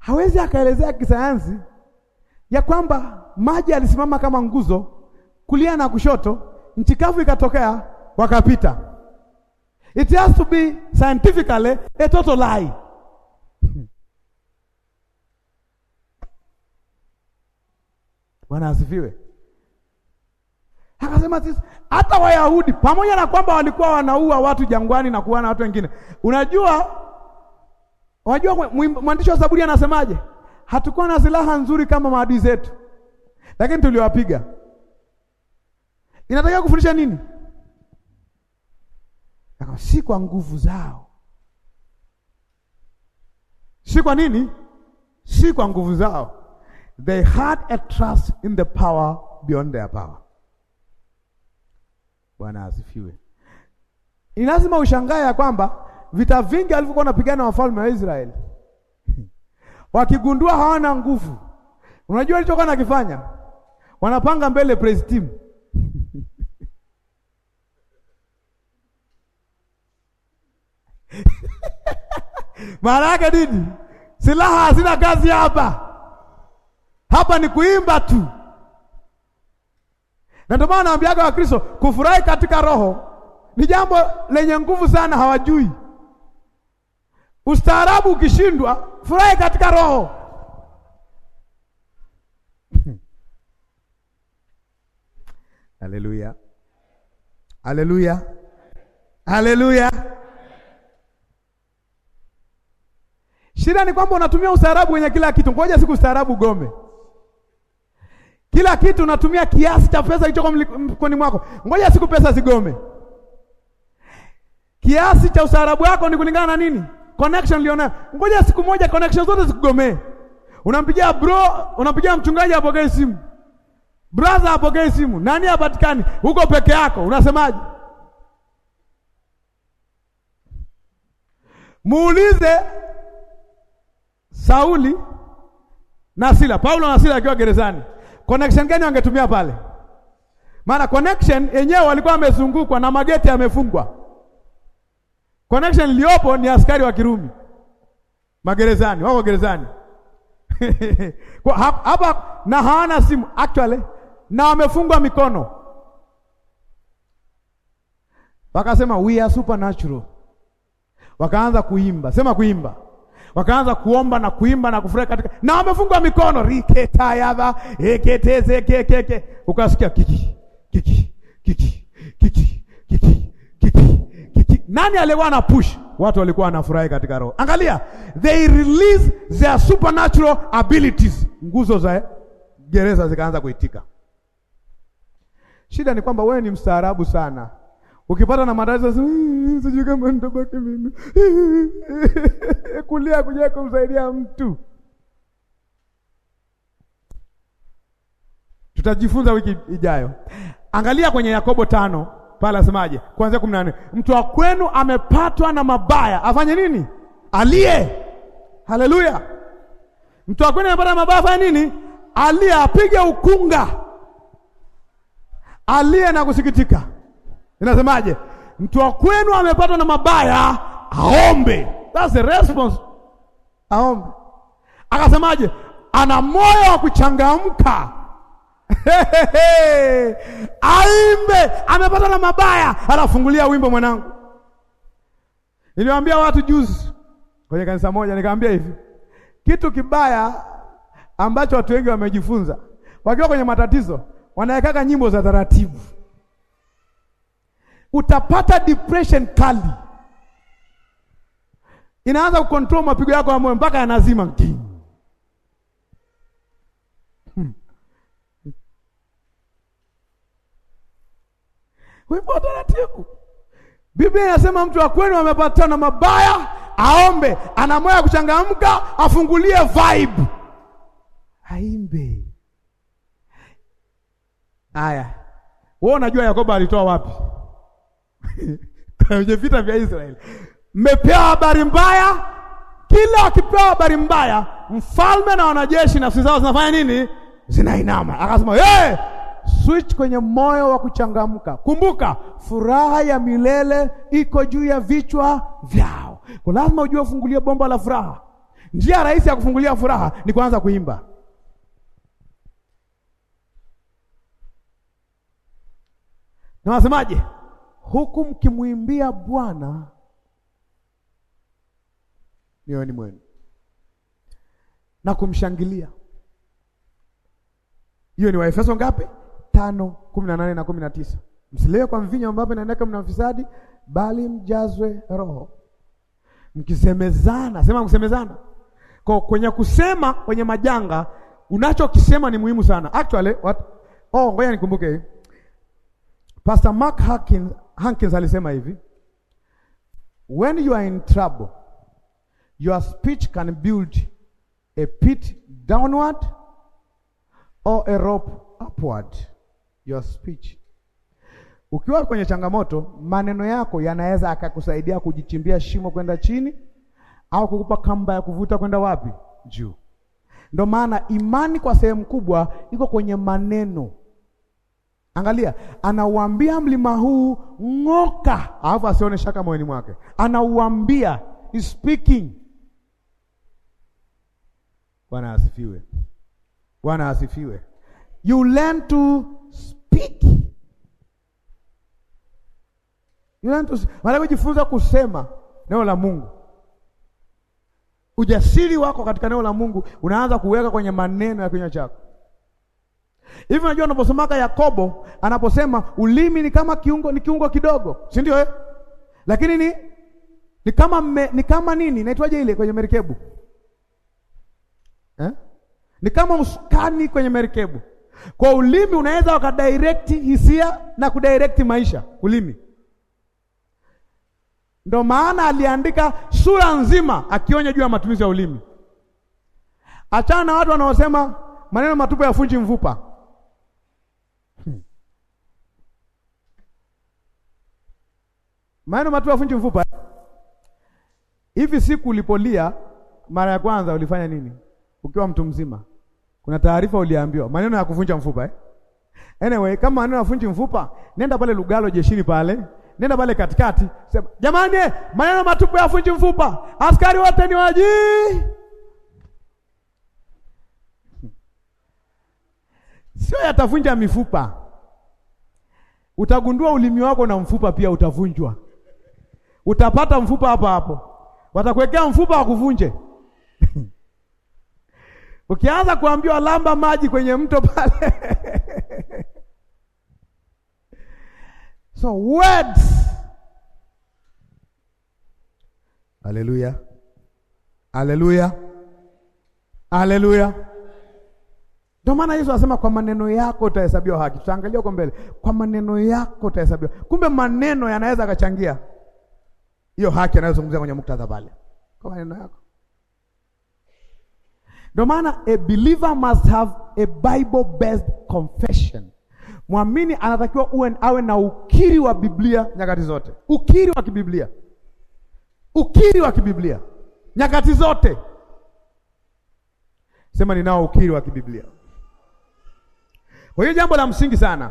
Hawezi akaelezea kisayansi ya kwamba maji alisimama kama nguzo kulia na kushoto, nchi kavu ikatokea, wakapita. It has to be scientifically a total lie. Bwana asifiwe. Akasema sisi hata Wayahudi pamoja na kwamba walikuwa wanaua watu jangwani na kuua na watu wengine. Unajua, unajua mwandishi wa Zaburi anasemaje? hatukuwa na silaha nzuri kama maadui zetu, lakini tuliwapiga. Inatakiwa kufundisha nini? Si kwa nguvu zao, si kwa nini, si kwa nguvu zao. They had a trust in the power beyond their power. Bwana asifiwe. Ni lazima ushangae ya kwamba vita vingi alivyokuwa anapigana wafalme wa Israeli Wakigundua hawana nguvu, unajua alichokuwa nakifanya, wanapanga mbele praise team maana yake nini? Silaha hazina kazi hapa, hapa ni kuimba tu, na ndio maana naambiaga Wakristo kufurahi katika roho ni jambo lenye nguvu sana, hawajui Ustaarabu ukishindwa, furahi katika roho. Haleluya, haleluya, haleluya. Shida ni kwamba unatumia ustaarabu kwenye kila kitu. Ngoja siku ustaarabu gome kila kitu unatumia kiasi cha pesa kilichoko mkoni mwako. Ngoja siku pesa zigome. Kiasi cha ustaarabu wako ni kulingana na nini? connection liona, ngoja siku moja connection zote zikugomee. Unampigia bro, unampigia mchungaji apokee simu, brother apokee simu, nani apatikani huko peke yako, unasemaje? Muulize Sauli na Sila, Paulo na Sila akiwa gerezani, connection gani wangetumia pale? Maana connection yenyewe walikuwa wamezungukwa na mageti yamefungwa. Connection iliyopo ni askari wa Kirumi magerezani, wako gerezani kwa hapa, na hawana simu actually, na wamefungwa mikono. Wakasema we are supernatural, wakaanza kuimba, sema kuimba wakaanza kuomba na kuimba na kufurahi katika, na wamefungwa mikono riketayava kekeke ukasikia kiki kiki kiki kiki nani alikuwa na push? Watu walikuwa wanafurahi katika roho. Angalia, they release their supernatural abilities. Nguzo za gereza zikaanza kuitika. Shida ni kwamba wewe ni mstaarabu sana. Ukipata na matatizo sijui kama nitabaki mimi. Kulia kuja kumsaidia mtu. Tutajifunza wiki ijayo. Angalia kwenye Yakobo tano pale asemaje? Kuanzia kumi na nne, mtu wa kwenu amepatwa na mabaya afanye nini? Aliye. Haleluya! mtu wa kwenu amepatwa na mabaya afanye nini? Aliye, apige ukunga. Aliye na kusikitika, inasemaje? Mtu wa kwenu amepatwa na mabaya, aombe. That's the response, aombe. Akasemaje? ana moyo wa kuchangamka aimbe, amepata na mabaya, anafungulia wimbo. Mwanangu, niliwaambia watu juzi kwenye kanisa moja, nikamwambia hivi kitu kibaya ambacho watu wengi wamejifunza wakiwa kwenye matatizo, wanawekaka nyimbo za taratibu. Utapata depression kali, inaanza kucontrol mapigo yako ya moyo mpaka yanazima. Mkini wimbo taratibu. Biblia inasema mtu wa kwenu amepatana na mabaya, aombe. Ana moyo wa kuchangamka, afungulie vibe, aimbe. Haya, wewe unajua Yakobo alitoa wapi? kwenye vita vya Israeli. Mmepewa habari mbaya, kila akipewa habari mbaya, mfalme na wanajeshi nafsi zao zinafanya nini? Zinainama. Akasema, "Eh, hey! switch kwenye moyo wa kuchangamka. Kumbuka, furaha ya milele iko juu ya vichwa vyao. Kwa lazima ujue ufungulie bomba la furaha. Njia rahisi ya kufungulia furaha ni kuanza kuimba. Na wasemaje? Huku mkimwimbia Bwana mioyoni mwenu na kumshangilia. Hiyo ni Waefeso ngapi? tano kumi na nane na kumi na tisa msilewe kwa mvinyo ambapo inaendeka mnafisadi, bali mjazwe Roho mkisemezana. Sema mkisemezana kwa kwenye kusema kwenye majanga, unachokisema ni muhimu sana actually what oh, ngoja nikumbuke Pastor Mark Hankins, Hankins alisema hivi When you are in trouble, your speech can build a pit downward or a rope upward your speech. Ukiwa kwenye changamoto, maneno yako yanaweza akakusaidia kujichimbia shimo kwenda chini au kukupa kamba ya kuvuta kwenda wapi? Juu. Ndio maana imani kwa sehemu kubwa iko kwenye maneno. Angalia, anauambia mlima huu ng'oka, alafu asione shaka moyoni mwake. Anauambia, is speaking. Bwana asifiwe. Bwana asifiwe. You learn to hiki. Maana kujifunza kusema neno la Mungu, ujasiri wako katika neno la Mungu unaanza kuweka kwenye maneno ya kinywa chako. Hivi unajua, unaposomaka Yakobo anaposema ulimi ni kama kiungo, ni kiungo kidogo, si ndio eh? Lakini ni ni kama me, ni kama nini naitwaje ile kwenye merikebu eh? Ni kama usukani kwenye merikebu kwa ulimi unaweza ukadirect hisia na kudirect maisha, ulimi. Ndio maana aliandika sura nzima akionya juu ya matumizi ya ulimi. Achana na watu wanaosema maneno matupu yafunji mfupa. Hmm. Maneno matupu funji mfupa. Hivi siku ulipolia mara ya kwanza ulifanya nini? Ukiwa mtu mzima kuna taarifa uliambiwa maneno ya kuvunja mfupa eh? Anyway, kama maneno yavunji mfupa, nenda pale Lugalo jeshini pale, nenda pale katikati, sema jamani, maneno matupu yavunji mfupa, askari wote ni waji. Sio yatavunja mifupa, utagundua ulimi wako na mfupa pia utavunjwa, utapata mfupa hapa hapo, watakuwekea mfupa wakuvunje. Ukianza kuambiwa lamba maji kwenye mto pale so words. Haleluya, haleluya, haleluya. Ndio maana Yesu anasema kwa maneno yako utahesabiwa haki. Tutaangalia huko mbele, kwa maneno yako utahesabiwa. Kumbe maneno yanaweza akachangia hiyo haki anayozungumzia kwenye muktadha pale, kwa maneno yako ndio maana a believer must have a Bible based confession. Mwamini anatakiwa uwe awe na ukiri wa Biblia nyakati zote, ukiri wa kibiblia, ukiri wa kibiblia nyakati zote. Sema ninao ukiri wa kibiblia. Kwa hiyo jambo la msingi sana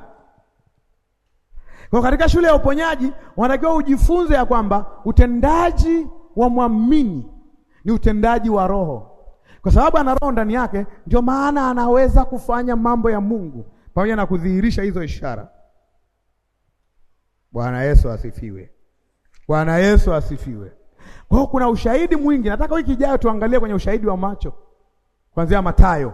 kwa katika shule ya uponyaji wanatakiwa ujifunze ya kwamba utendaji wa mwamini ni utendaji wa Roho. Kwa sababu ana roho ndani yake, ndio maana anaweza kufanya mambo ya Mungu pamoja na kudhihirisha hizo ishara. Bwana Yesu asifiwe. Bwana Yesu asifiwe. Kwa hiyo kuna ushahidi mwingi. Nataka wiki ijayo tuangalie kwenye ushahidi wa macho kuanzia Mathayo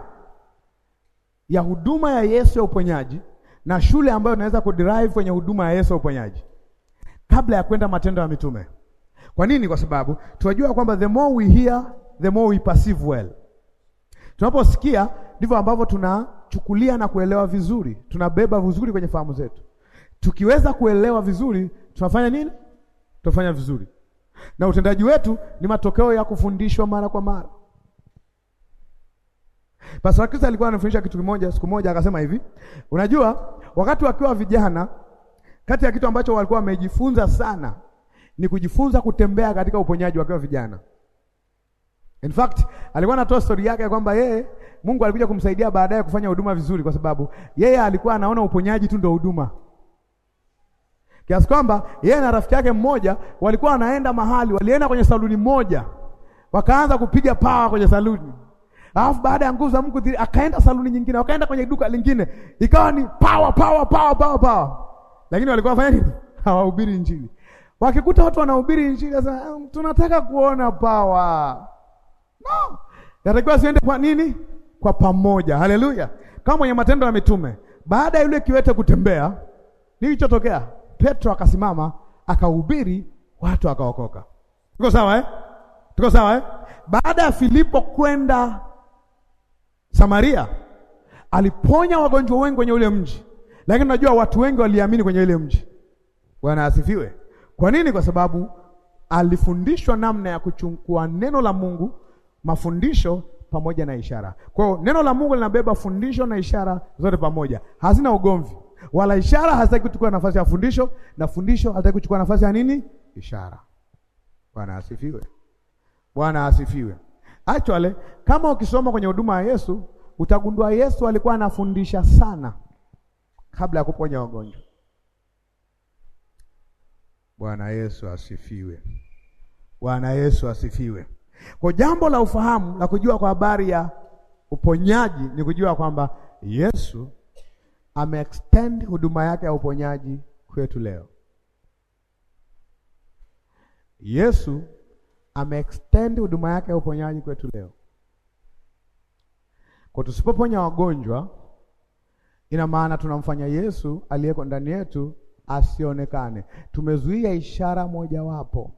ya huduma ya Yesu ya uponyaji na shule ambayo tunaweza kuderive kwenye huduma ya Yesu ya uponyaji kabla ya kwenda Matendo ya Mitume. Kwa nini? Kwa sababu tunajua kwamba the more we hear the more we perceive well. Tunaposikia ndivyo ambavyo tunachukulia na kuelewa vizuri, tunabeba vizuri kwenye fahamu zetu. Tukiweza kuelewa vizuri, tunafanya nini? Tunafanya vizuri, na utendaji wetu ni matokeo ya kufundishwa mara kwa mara. Pastor Kristo alikuwa anafundisha kitu kimoja siku moja, akasema hivi, unajua wakati wakiwa vijana, kati ya kitu ambacho walikuwa wamejifunza sana ni kujifunza kutembea katika uponyaji wakiwa vijana. In fact, alikuwa anatoa story yake kwamba yeye Mungu alikuja kumsaidia baadaye kufanya huduma vizuri kwa sababu yeye alikuwa anaona uponyaji tu ndio huduma. Kiasi kwamba yeye na rafiki yake mmoja walikuwa wanaenda mahali, walienda kwenye saluni moja. Wakaanza kupiga pawa kwenye saluni. Alafu baada ya nguvu za Mungu akaenda saluni nyingine, wakaenda kwenye duka lingine. Ikawa ni power power power power power. Lakini walikuwa wafanya nini? Hawahubiri Injili. Wakikuta watu wanahubiri Injili, sasa ah, tunataka kuona power. No, natakiwa siende kwa nini? Kwa pamoja. Haleluya! Kama mwenye Matendo ya Mitume, baada ya yule kiwete kutembea, nilichotokea Petro akasimama akahubiri, watu akaokoka. Tuko sawa eh? Tuko sawa eh? Baada ya Filipo kwenda Samaria, aliponya wagonjwa wengi kwenye ule mji, lakini unajua watu wengi waliamini kwenye ile mji. Bwana asifiwe. Kwa nini? Kwa sababu alifundishwa namna ya kuchukua neno la Mungu mafundisho pamoja na ishara. Kwa hiyo neno la Mungu linabeba fundisho na ishara zote pamoja, hazina ugomvi, wala ishara hazitaki kuchukua nafasi ya fundisho na fundisho halitaki kuchukua nafasi ya nini? Ishara. Bwana asifiwe. Bwana asifiwe. Actually, kama ukisoma kwenye huduma ya Yesu utagundua Yesu alikuwa anafundisha sana kabla ya kuponya wagonjwa. Bwana Yesu asifiwe. Bwana Yesu asifiwe. Kwa jambo la ufahamu la kujua kwa habari ya uponyaji ni kujua kwamba Yesu ameextend huduma yake ya uponyaji kwetu leo. Yesu ameextend huduma yake ya uponyaji kwetu leo. Kwa tusipoponya wagonjwa, ina maana tunamfanya Yesu aliyeko ndani yetu asionekane. Tumezuia ishara mojawapo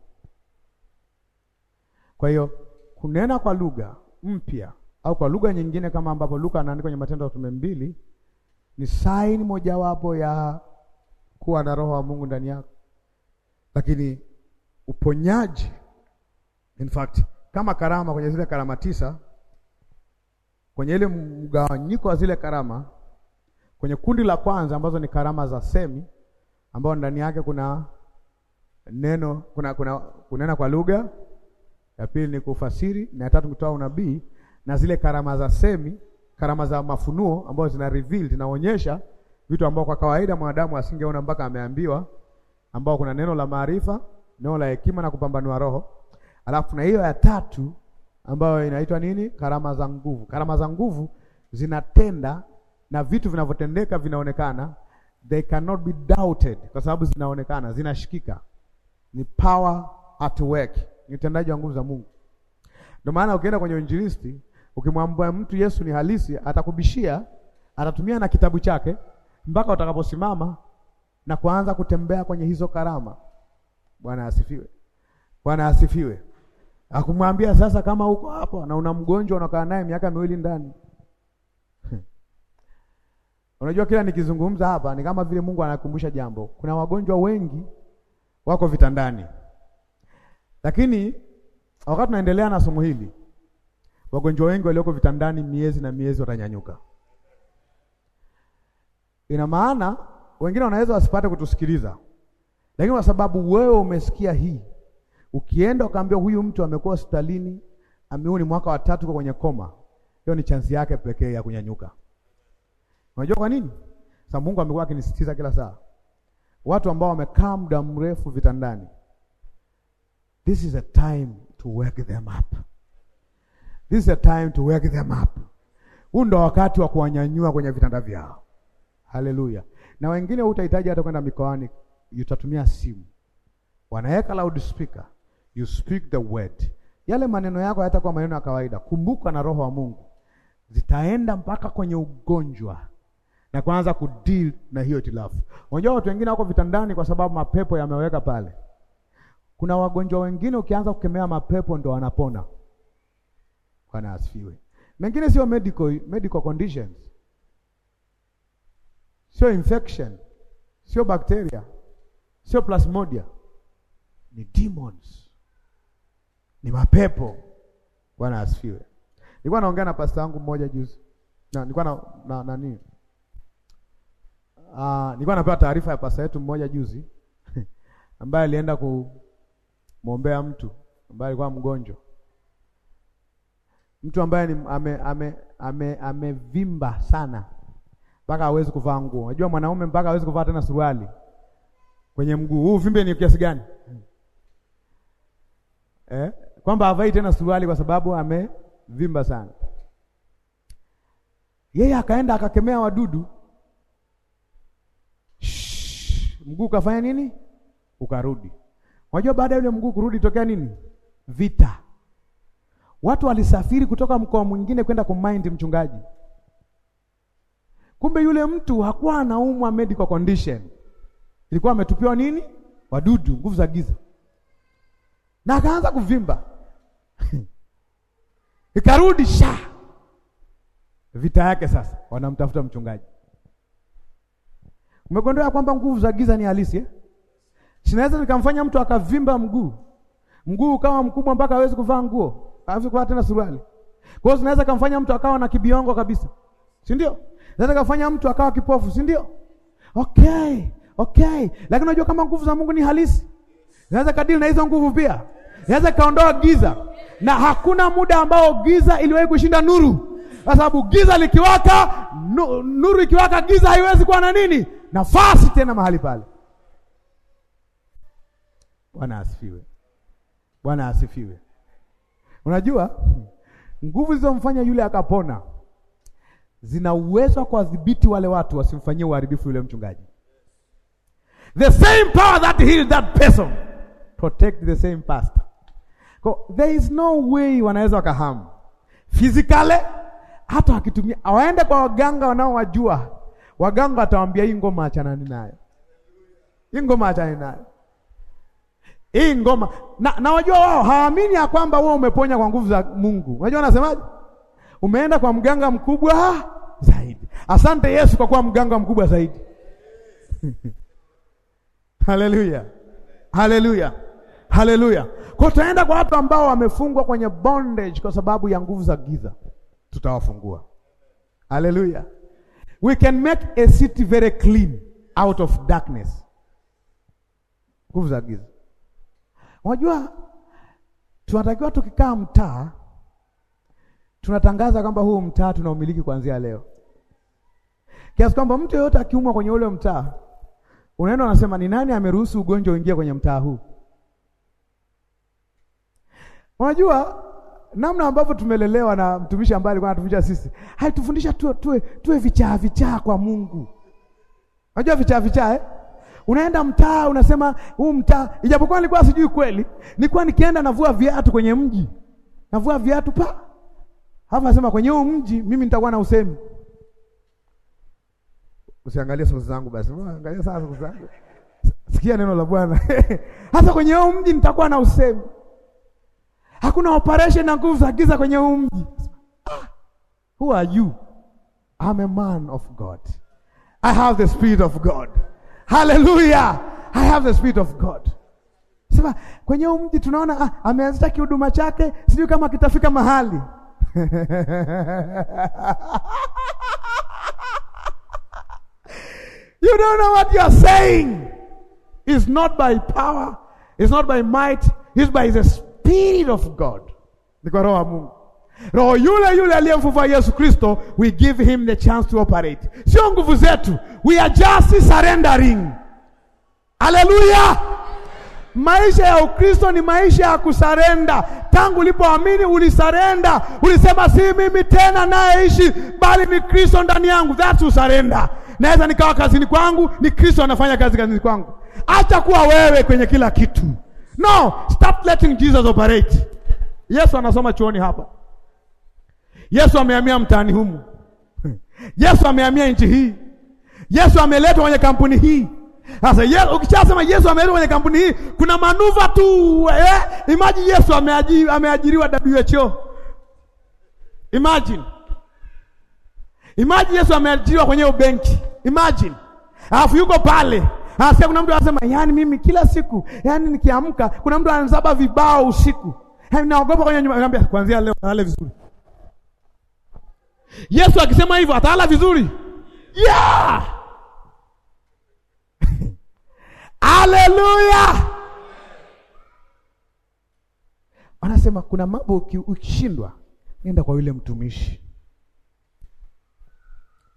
kwa hiyo kunena kwa lugha mpya au kwa lugha nyingine kama ambavyo Luka anaandika kwenye Matendo ya Mitume mbili ni saini mojawapo ya kuwa na roho wa Mungu ndani yako, lakini uponyaji in fact kama karama kwenye zile karama tisa, kwenye ile mgawanyiko wa zile karama, kwenye kundi la kwanza ambazo ni karama za semi, ambayo ndani yake kuna neno kuna, kuna kunena kwa lugha ya pili ni kufasiri, na ya tatu kutoa unabii, na zile karama za semi, karama za mafunuo ambazo zina reveal, zinaonyesha vitu ambavyo kwa kawaida mwanadamu asingeona mpaka ameambiwa, ambao kuna neno la maarifa, neno la hekima na kupambanua roho, alafu na hiyo ya tatu ambayo inaitwa nini? Karama za nguvu. Karama za nguvu zinatenda na vitu vinavyotendeka vinaonekana, they cannot be doubted, kwa sababu zinaonekana, zinashikika, ni power at work ni utendaji wa nguvu za Mungu. Ndio maana ukienda kwenye injilisti, ukimwambia mtu Yesu ni halisi, atakubishia, atatumia na kitabu chake mpaka utakaposimama na kuanza kutembea kwenye hizo karama. Bwana asifiwe. Bwana asifiwe. Akumwambia sasa, kama uko hapa na una mgonjwa unakaa naye miaka miwili ndani Unajua, kila nikizungumza hapa ni kama vile Mungu anakumbusha jambo. Kuna wagonjwa wengi wako vitandani, lakini wakati tunaendelea na somo hili, wagonjwa wengi walioko vitandani miezi na miezi watanyanyuka. Ina maana wengine wanaweza wasipate kutusikiliza, lakini kwa sababu wewe umesikia hii, ukienda ukaambia huyu mtu amekuwa hospitalini, ameuni mwaka wa tatu kwenye koma, hiyo ni chansi yake pekee ya kunyanyuka. Unajua kwa nini? Sababu Mungu amekuwa akinisisitiza kila saa, watu ambao wamekaa muda mrefu vitandani This is a time to wake them up. This is a time to wake them up. Huu ndo wakati wa kuwanyanyua kwenye vitanda vyao. Haleluya. Na wengine utahitaji hata kwenda mikoani, utatumia simu, wanaweka loudspeaker, you speak the word. Yale maneno yako hayatakuwa maneno ya kawaida. Kumbuka na roho wa Mungu, zitaenda mpaka kwenye ugonjwa na kuanza kudeal na hiyo itilafu. Unajua watu wengine wako vitandani kwa sababu mapepo yameweka pale. Kuna wagonjwa wengine ukianza kukemea mapepo ndo wanapona. Bwana asifiwe. Mengine sio medical, medical conditions, sio infection, sio bacteria, sio plasmodia, ni demons, ni mapepo. Bwana asifiwe. Nilikuwa naongea na pasta wangu mmoja juzi na nilikuwa na, na, nani ah, nilikuwa napewa taarifa ya pasta yetu mmoja juzi ambaye alienda ku kumwombea mtu ambaye alikuwa mgonjwa, mtu ambaye ni ame amevimba ame sana mpaka hawezi kuvaa nguo. Unajua mwanaume mpaka hawezi kuvaa tena suruali kwenye mguu huu, uvimbe ni kiasi gani eh? Kwamba havai tena suruali kwa sababu amevimba sana. Yeye akaenda akakemea wadudu, mguu ukafanya nini? Ukarudi. Unajua baada ya yule mguu kurudi tokea nini? Vita. Watu walisafiri kutoka mkoa mwingine kwenda kumind mchungaji. Kumbe yule mtu hakuwa anaumwa medical condition, ilikuwa ametupiwa nini? Wadudu, nguvu za giza, na akaanza kuvimba ikarudi sha. Vita yake sasa, wanamtafuta mchungaji. Umegondoa kwamba nguvu za giza ni halisi eh? Sinaweza nikamfanya mtu akavimba mguu, mguu ukawa mkubwa mpaka hawezi kuvaa nguo, hawezi kuvaa tena suruali. Kwa hiyo sinaweza kamfanya mtu akawa na kibiongo kabisa, si ndio? Naweza kamfanya mtu akawa kipofu, si ndio? Okay, okay, lakini unajua kama nguvu za Mungu ni halisi, naweza kadili na hizo nguvu pia, naweza kaondoa giza, na hakuna muda ambao giza iliwahi kushinda nuru, kwa sababu giza likiwaka, nuru ikiwaka, giza haiwezi kuwa na nini nafasi tena mahali pale. Bwana asifiwe. Bwana asifiwe. Unajua nguvu zilizomfanya yule akapona zina uwezo wa kuwadhibiti wale watu wasimfanyie uharibifu yule mchungaji. The same power that healed that person protect the same pastor. So, there is no way wanaweza wakahamu physically, hata wakitumia awaende kwa waganga wanaowajua waganga, watawaambia hii ngoma achana nayo, hii ngoma achana nayo. Hii ngoma na, na wajua wao hawaamini ya kwamba wewe umeponya kwa nguvu za Mungu. Unajua anasemaje? Umeenda kwa mganga mkubwa zaidi. Asante Yesu kwa kuwa mganga mkubwa zaidi. Haleluya. Haleluya. Haleluya. Kwa tutaenda kwa watu ambao wamefungwa kwenye bondage kwa sababu ya nguvu za giza. Tutawafungua. Haleluya. We can make a city very clean out of darkness. Nguvu za giza. Unajua tunatakiwa tukikaa mtaa tunatangaza kwamba huu mtaa tunaumiliki kuanzia leo, kiasi kwamba mtu yeyote akiumwa kwenye ule mtaa unaenda unasema, ni nani ameruhusu ugonjwa uingie kwenye mtaa huu? Unajua namna ambavyo tumelelewa na mtumishi ambaye alikuwa anatufundisha sisi, haitufundisha tuwe, tuwe, tuwe vichaa vichaa kwa Mungu. Unajua vichaa vichaa eh? unaenda mtaa unasema huu mtaa, ijapokuwa nilikuwa sijui kweli, nilikuwa nikienda navua viatu kwenye mji, navua viatu pa hapo, nasema kwenye huu mji mimi nitakuwa na usemi. Usiangalie soksi zangu basi, angalia sasa soksi zangu, sikia neno la Bwana hasa kwenye huu mji nitakuwa na usemi. Hakuna operation na nguvu za giza kwenye huu mji. Ah, who are you? I'm a man of God. I have the spirit of God. Haleluya, I have the spirit of God. Sema kwenye huu mji tunaona ah, ameanzisha kihuduma chake, sijui kama kitafika mahali you don't know what you are saying. It's not by power, it's not by might, it's by the spirit of God. Ni kwa roho wa Mungu. Roho yule yule aliyemfufua Yesu Kristo, we give him the chance to operate. Sio nguvu zetu, we are just surrendering. Haleluya! Maisha ya Ukristo ni maisha ya kusarenda. Tangu ulipoamini ulisarenda, ulisema si mimi tena nayeishi, bali ni Kristo ndani yangu. That's usarenda. Naweza nikawa kazini kwangu, ni Kristo anafanya kazi kazini kwangu. Acha kuwa wewe kwenye kila kitu. No, start letting Jesus operate. Yesu anasoma chuoni hapa Yesu amehamia mtaani humu. Yesu amehamia nchi hii. Yesu ameletwa kwenye kampuni hii. Sasa ye, ukishasema Yesu ameletwa kwenye kampuni hii, kuna manuva tu eh? Imagine Yesu ameajiri, ameajiriwa WHO. Imagine. Imagine Yesu ameajiriwa kwenye benki. Imagine. Alafu yuko pale. Asikia kuna mtu anasema, "Yaani mimi kila siku, yaani nikiamka kuna mtu anazaba vibao usiku." Yaani naogopa kwenye nyumba, anambia kuanzia leo nalale vizuri. Yesu akisema hivyo atala vizuri yeah! Aleluya! Anasema kuna mambo ukishindwa, nenda kwa yule mtumishi.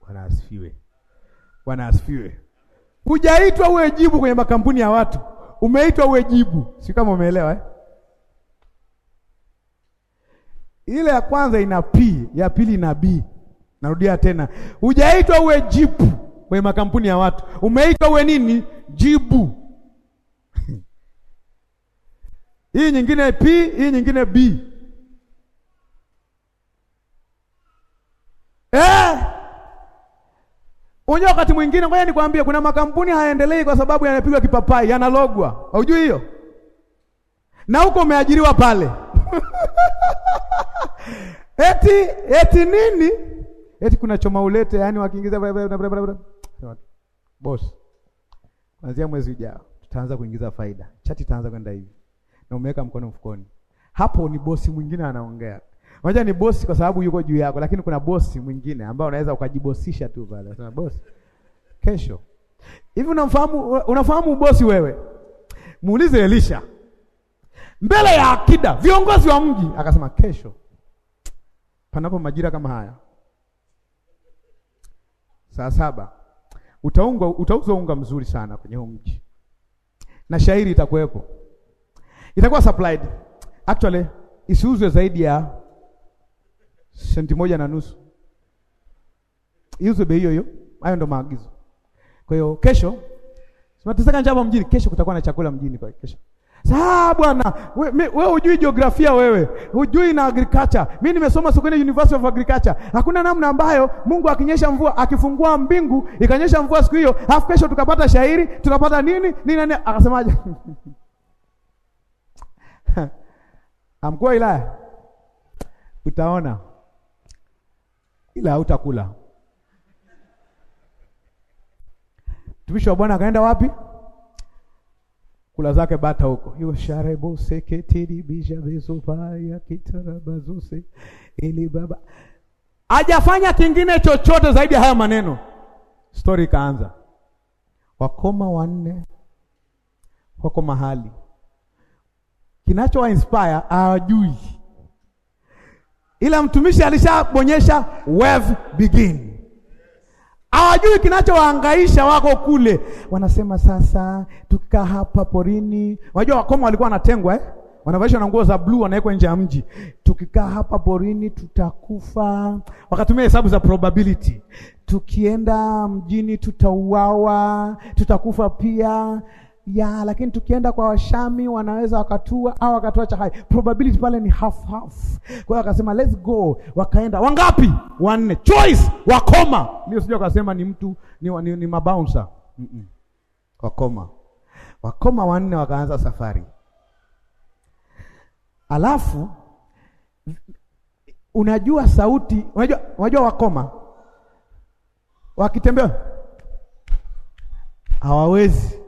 Bwana asifiwe, Bwana asifiwe. Hujaitwa uwe jibu kwenye makampuni ya watu, umeitwa uwe jibu. Si kama umeelewa eh? Ile ya kwanza ina P, ya pili ina B. Narudia tena, hujaitwa uwe jibu kwenye makampuni ya watu, umeitwa uwe nini? Jibu. hii nyingine P, hii nyingine B. Eh, wakati mwingine, ngoja nikwambie, kuna makampuni hayaendelei kwa sababu yanapigwa kipapai, yanalogwa. Haujui hiyo? Na huko umeajiriwa pale eti eti nini Eti kuna choma ulete, yani wakiingiza boss. Kuanzia mwezi ujao tutaanza kuingiza faida. Chati itaanza kwenda hivi. Na umeweka mkono mfukoni. Hapo ni bosi mwingine anaongea. Unajua ni bosi kwa sababu yuko juu yako, lakini kuna bosi mwingine ambaye unaweza ukajibosisha tu pale. Unasema bosi, kesho. Hivi unamfahamu unafahamu bosi wewe? Muulize Elisha. Mbele ya akida viongozi wa mji akasema kesho. Panapo majira kama haya saa saba utaungwa, utauzwa unga mzuri sana kwenye huu mji na shairi itakuwepo, itakuwa supplied actually, isiuzwe zaidi ya senti moja na nusu, iuzwe bei hiyo hiyo. Hayo ndo maagizo. Kwa hiyo kesho tunateseka njaa mjini, kesho kutakuwa na chakula mjini kwa kesho Saa bwana, wewe hujui jiografia, wewe hujui na agriculture. Mimi nimesoma sokoni University of Agriculture. Hakuna namna ambayo Mungu akinyesha mvua, akifungua mbingu ikanyesha mvua siku hiyo, halafu kesho tukapata shahiri tunapata nini nini nani, akasemaje? Amkuu ila utaona, ila utakula. Mtumishi wa Bwana akaenda wapi? kula zake bata huko yosharebosketiribishabesoayakitarabazusi ili baba hajafanya kingine chochote zaidi ya haya maneno. Stori ikaanza, wakoma wanne wako mahali, kinachowa inspire hawajui, ila mtumishi alishabonyesha wave begin hawajui kinachowaangaisha wako kule wanasema, sasa tukaa hapa porini. Unajua wakoma walikuwa wanatengwa eh? Wanavaishwa na nguo za bluu, wanawekwa nje ya mji. Tukikaa hapa porini tutakufa. Wakatumia hesabu za probability, tukienda mjini tutauawa, tutakufa pia ya, lakini tukienda kwa Washami wanaweza wakatua au wakatua cha hai, probability pale ni half half. Kwa hiyo akasema let's go, wakaenda wangapi? Wanne choice wakoma, ndio sijui akasema ni mtu ni, ni, ni mabouncer mm -mm. Wakoma wakoma wanne wakaanza safari, alafu unajua sauti, unajua, unajua wakoma wakitembea hawawezi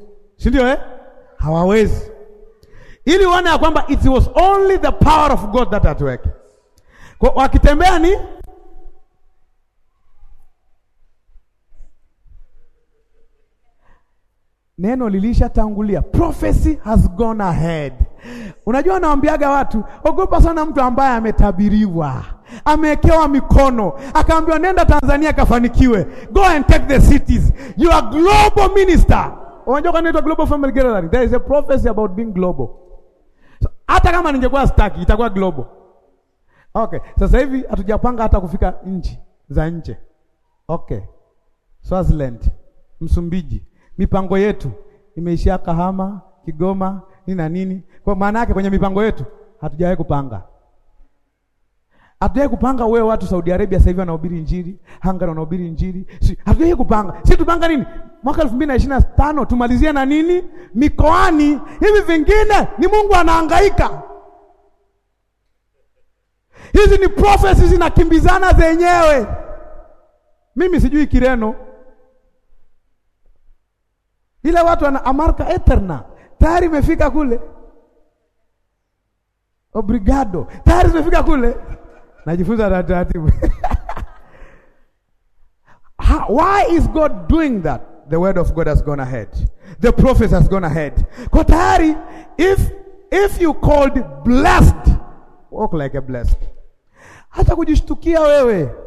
si ndio eh? Hawawezi, ili uone ya kwamba it was only the power of God that at work. Kwa wakitembea ni neno lilishatangulia, prophecy has gone ahead. Unajua, naambiaga watu ogopa sana mtu ambaye ametabiriwa, amewekewa mikono, akaambiwa nenda Tanzania, kafanikiwe, go and take the cities, you are global minister Unajua kwani inaitwa global family gathering? There is a prophecy about being global. So, hata kama ningekuwa staki itakuwa global. Okay, sasa hivi hatujapanga hata kufika nchi za nje. Okay. Swaziland, Msumbiji. Mipango yetu imeishia Kahama, Kigoma, nini na nini. Kwa maana yake kwenye mipango yetu hatujawahi kupanga. Hatujawahi kupanga wewe watu Saudi Arabia sasa hivi wanahubiri Injili, Hungary wanahubiri Injili. Si hatujawahi kupanga. Si tupanga nini? mwaka elfu mbili na ishirini na tano tumalizie na nini mikoani. Hivi vingine ni Mungu anahangaika. Hizi ni prophecies zinakimbizana zenyewe. Mimi sijui Kireno ile watu wana amarka eterna tayari imefika kule, obrigado tayari zimefika kule, najifunza taratibu. Why is God doing that? the word of God has gone ahead. The prophet has gone ahead. Kwa tayari if if you called blessed walk like a blessed. Hata kujishtukia wewe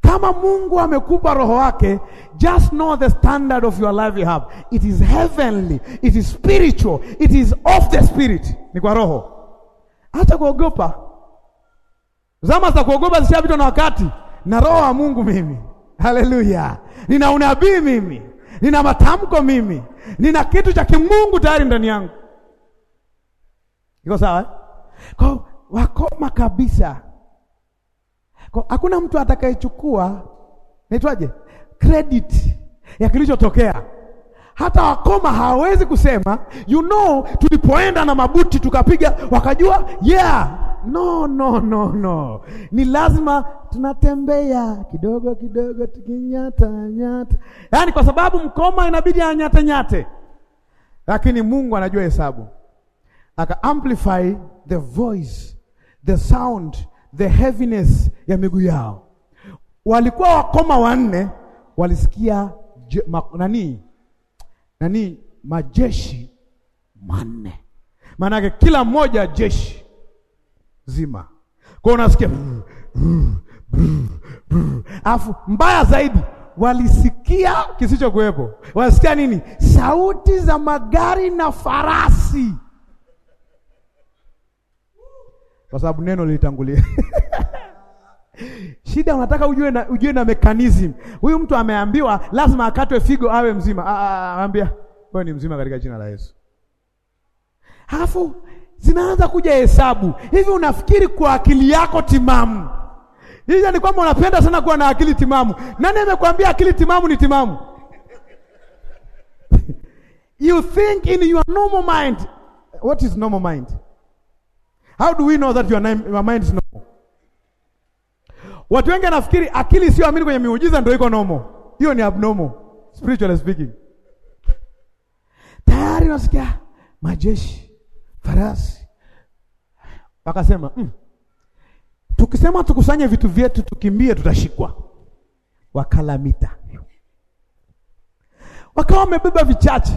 kama Mungu amekupa roho wake, just know the standard of your life you have. It is heavenly, it is spiritual, it is of the spirit. Ni kwa roho. Hata kuogopa. Zama za kuogopa zisha vitu na wakati na roho wa Mungu mimi Haleluya! Nina unabii mimi, nina matamko mimi, nina kitu cha kimungu tayari ndani yangu. Iko sawa? Kwa wakoma kabisa, kwa hakuna mtu atakayechukua naitwaje, credit ya kilichotokea. Hata wakoma hawawezi kusema you know, tulipoenda na mabuti tukapiga, wakajua yeah No, no, no, no, ni lazima tunatembea kidogo kidogo, tukinyata nyata, yaani kwa sababu mkoma inabidi anyate nyate, lakini Mungu anajua hesabu, aka amplify the voice, the sound, the heaviness ya miguu yao. Walikuwa wakoma wanne, walisikia ma, nani nani, majeshi manne, Maana kila mmoja jeshi zima. Kwa unasikia alafu mbaya zaidi walisikia kisichokuwepo. Walisikia nini? Sauti za magari na farasi, kwa sababu neno lilitangulia. Shida unataka ujue na, ujue na mechanism. Huyu mtu ameambiwa lazima akatwe figo awe mzima. Aa, ah, ah, ah, anambia wewe ni mzima katika jina la Yesu. alafu zinaanza kuja hesabu. Hivi unafikiri kwa akili yako timamu hii ni kwamba unapenda sana kuwa na akili timamu? Nani amekwambia akili timamu ni timamu? You think in your normal mind. What is normal mind? How do we know that your, name, your mind is normal? Watu wengi anafikiri akili isiyoamini kwenye miujiza ndio iko normal. Hiyo ni abnormal, spiritually speaking. Tayari unasikia majeshi farasi. Wakasema mm, tukisema tukusanye vitu vyetu tukimbie, tutashikwa. Wakalamita, wakawa wamebeba vichache,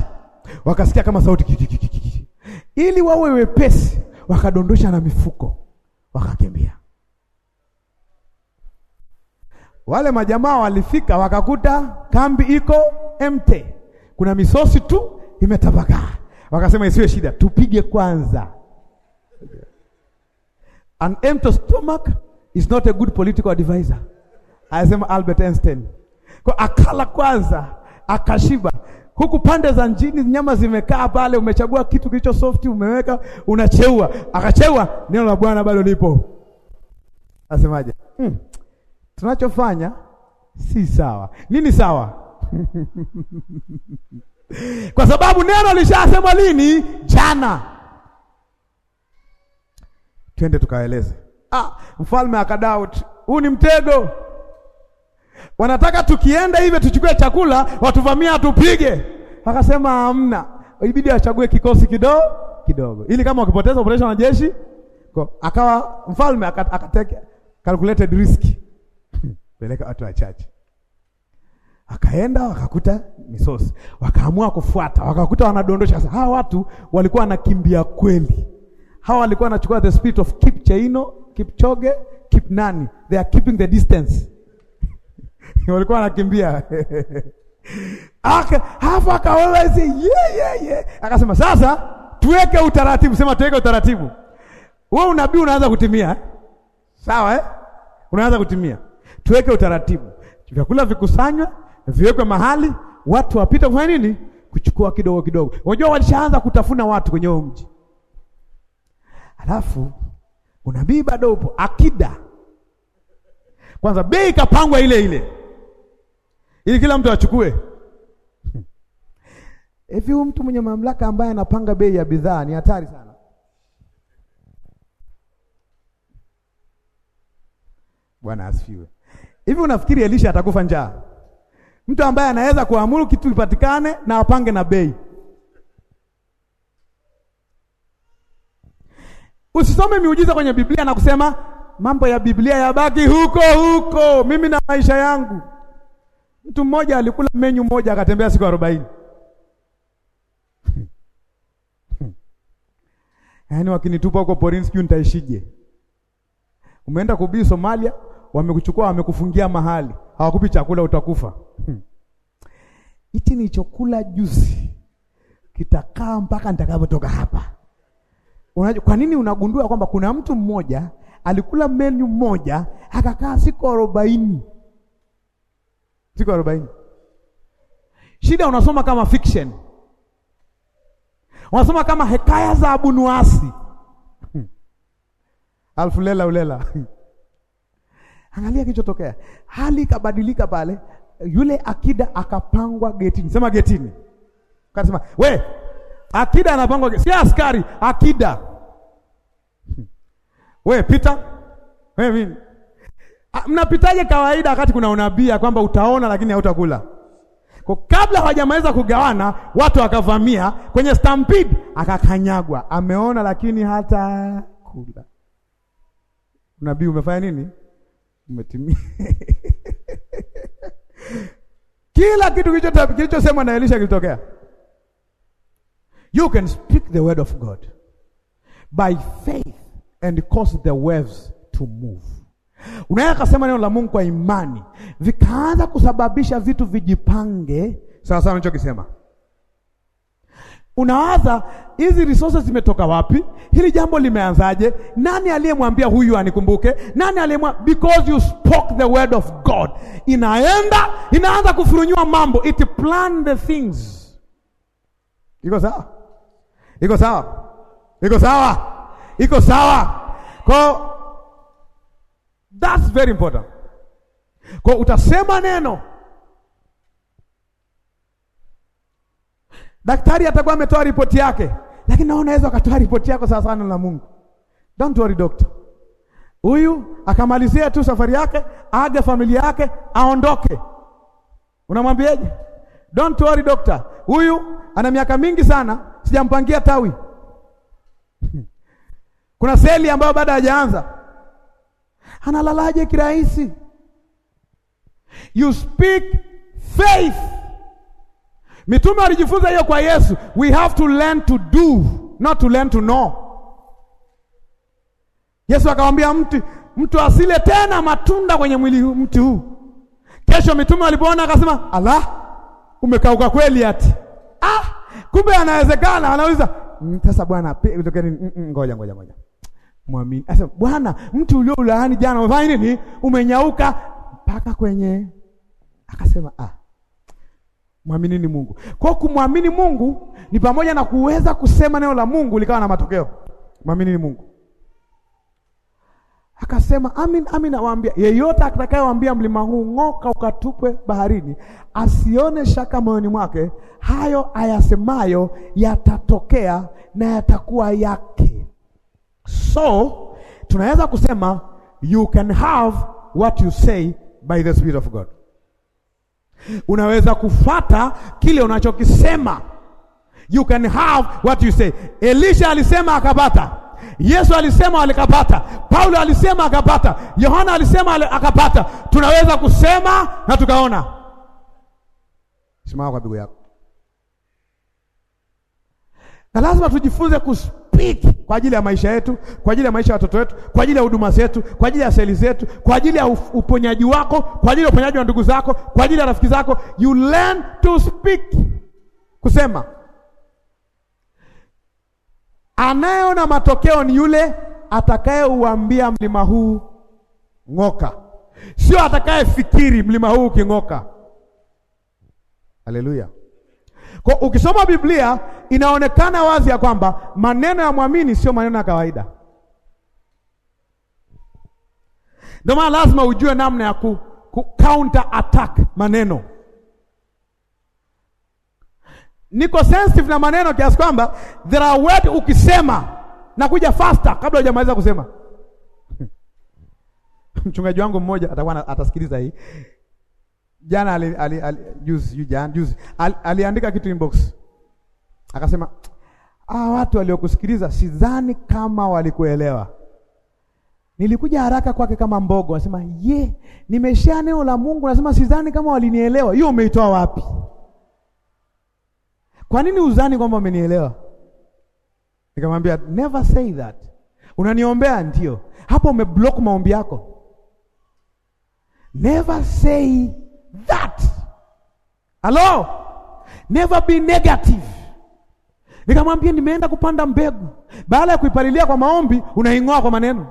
wakasikia kama sauti Ili wawe wepesi, wakadondosha na mifuko, wakakimbia. Wale majamaa walifika, wakakuta kambi iko empty, kuna misosi tu imetapakaa. Wakasema isiwe shida, tupige kwanza. An empty stomach is not a good political advisor, alisema Albert Einstein. Kwa akala kwanza, akashiba huku pande za njini nyama zimekaa pale, umechagua kitu kilicho soft umeweka, unacheua. Akacheua, neno la Bwana bado lipo. Asemaje? hmm. tunachofanya si sawa. Nini sawa? kwa sababu neno lishasema lini? Jana. Twende tukaeleze. Ah, mfalme akadoubt, huu ni mtego, wanataka tukienda hivyo tuchukue chakula, watuvamia atupige. Akasema hamna, ibidi achague kikosi kidogo kidogo, ili kama wakipoteza operation na jeshi. Akawa mfalme akateke calculated risk peleka watu wachache Akaenda wakakuta misosi, wakaamua kufuata, wakakuta wanadondosha. Sasa hawa watu walikuwa wanakimbia kweli, hawa walikuwa wanachukua the spirit of choge keep nani, they are keeping the distance walikuwa wanakimbia hapo, akaona ye ye ye, Akasema sasa tuweke utaratibu, sema tuweke utaratibu. Wewe unabii unaanza kutimia, eh? sawa eh? Unaanza kutimia, tuweke utaratibu, vyakula vikusanywa viwekwe mahali watu wapite kufanya nini? Kuchukua kidogo kidogo. Unajua walishaanza kutafuna watu kwenye huo mji. Alafu unabii bado upo, akida kwanza, bei ikapangwa ile ile ili kila mtu achukue. Hivi huyu mtu mwenye mamlaka ambaye anapanga bei ya bidhaa ni hatari sana. Bwana asifiwe. Hivi unafikiri Elisha atakufa njaa? mtu ambaye anaweza kuamuru kitu kipatikane na apange na bei. Usisome miujiza kwenye Biblia na kusema mambo ya Biblia yabaki huko huko, mimi na maisha yangu. Mtu mmoja alikula menyu moja akatembea siku arobaini. Yaani wakinitupa huko porini sijui nitaishije. Umeenda kubii Somalia wamekuchukua wamekufungia mahali, hawakupi chakula, utakufa. Hmm. Hichi hmm, nilichokula juzi kitakaa mpaka nitakapotoka hapa. kwa nini? Unagundua kwamba kuna mtu mmoja alikula menu moja akakaa siku arobaini, siku arobaini. Shida unasoma kama fiction, unasoma kama hekaya za Abunuasi, hmm, alfu lela ulela Angalia kilichotokea, hali ikabadilika pale. Yule akida akapangwa getini, sema getini. Kasema we akida anapangwa getini, si askari akida. We pita we mimi mnapitaje kawaida wakati kuna unabii kwamba utaona lakini hautakula? Kwa kabla hawajamaliza kugawana, watu wakavamia kwenye stampede, akakanyagwa. Ameona lakini hata kula. Unabii umefanya nini? umetimia kila kitu kilichosemwa na Elisha kilitokea. You can speak the word of God by faith and cause the waves to move. Unaweza kusema neno la Mungu kwa imani, vikaanza kusababisha vitu vijipange sawa sawa nilichokisema unawaza hizi resources zimetoka wapi? Hili jambo limeanzaje? Nani aliyemwambia huyu anikumbuke? Nani aliyemwa? Because you spoke the word of God, inaenda inaanza kufurunyua mambo, it plan the things. Iko sawa? Iko sawa? Iko sawa? Iko sawa? Kwa that's very important. Kwa utasema neno Daktari atakuwa ametoa ripoti yake, lakini naona unaweza akatoa ripoti yako sawa sana na Mungu. Don't worry doctor. Huyu akamalizia tu safari yake, aage familia yake, aondoke. Unamwambiaje? Don't worry doctor. Huyu ana miaka mingi sana, sijampangia tawi. Kuna seli ambayo bado hajaanza. Analalaje kirahisi? You speak faith. Mitume walijifunza hiyo kwa Yesu. We have to learn to do, not to learn to know. Yesu akamwambia mtu, mtu asile tena matunda kwenye mwili mti huu. Kesho mitume walipoona akasema, ala, umekauka kweli ati. Ah, kumbe anawezekana. Anauliza mm, sasa, bwana, tokeni, mm, mm, ngoja ngoja ngoja, mwamini. Asema bwana, mti ulio ulaani jana umefanya nini? Umenyauka mpaka kwenye, akasema ah Mwaminini Mungu. Kwa kumwamini Mungu ni pamoja na kuweza kusema neno la Mungu likawa na matokeo. Mwaminini Mungu. Akasema amin, amin nawaambia, yeyote atakayewaambia mlima huu ng'oka ukatupwe baharini, asione shaka moyoni mwake, hayo ayasemayo yatatokea na yatakuwa yake. So tunaweza kusema you can have what you say by the Spirit of God. Unaweza kufata kile unachokisema. You can have what you say. Elisha alisema akapata. Yesu alisema alikapata. Paulo alisema akapata. Yohana alisema akapata. Tunaweza kusema na tukaona. Simama kwa bigu yako. Na lazima tujifunze kus big kwa ajili ya maisha yetu, kwa ajili ya maisha ya watoto wetu, kwa ajili ya huduma zetu, kwa ajili ya seli zetu, kwa ajili ya uponyaji wako, kwa ajili ya uponyaji wa ndugu zako, kwa ajili ya rafiki zako. You learn to speak, kusema. Anayeona matokeo ni yule atakayeuambia mlima huu ng'oka, sio atakayefikiri mlima huu uking'oka. Haleluya! Kwa ukisoma Biblia inaonekana wazi ya kwamba maneno ya mwamini sio maneno ya kawaida. Ndio maana lazima ujue namna ya ku, ku counter attack maneno. Niko sensitive na maneno kiasi kwamba there are words ukisema na kuja faster kabla hujamaliza kusema. Mchungaji wangu mmoja atakuwa atasikiliza hii jana, ali, ali, ali, juzi, juzi, juzi, ali, aliandika kitu inbox Akasema hawa watu waliokusikiliza sidhani kama walikuelewa. Nilikuja haraka kwake kama mbogo, anasema ye, nimeshia neno la Mungu, nasema sidhani kama walinielewa. Hiyo umeitoa wapi? Kwa nini uzani kwamba umenielewa? Nikamwambia never say that. Unaniombea ndio. Hapo umeblock maombi yako. Never say that. Hello? Never be negative. Nikamwambia nimeenda kupanda mbegu, baada ya kuipalilia kwa maombi unaing'oa kwa maneno.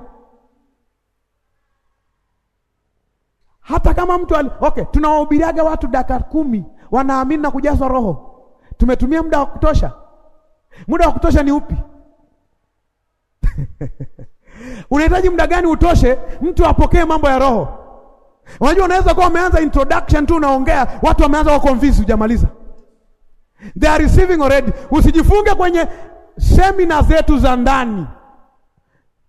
Hata kama mtu ali okay, tunawahubiriaga watu dakika kumi wanaamini na kujazwa Roho. Tumetumia muda wa kutosha? Muda wa kutosha ni upi? Unahitaji muda gani utoshe mtu apokee mambo ya Roho? Unajua, unaweza kuwa umeanza introduction tu, unaongea watu wameanza kwa confuse, hujamaliza They are receiving already. Usijifunge kwenye semina zetu za ndani,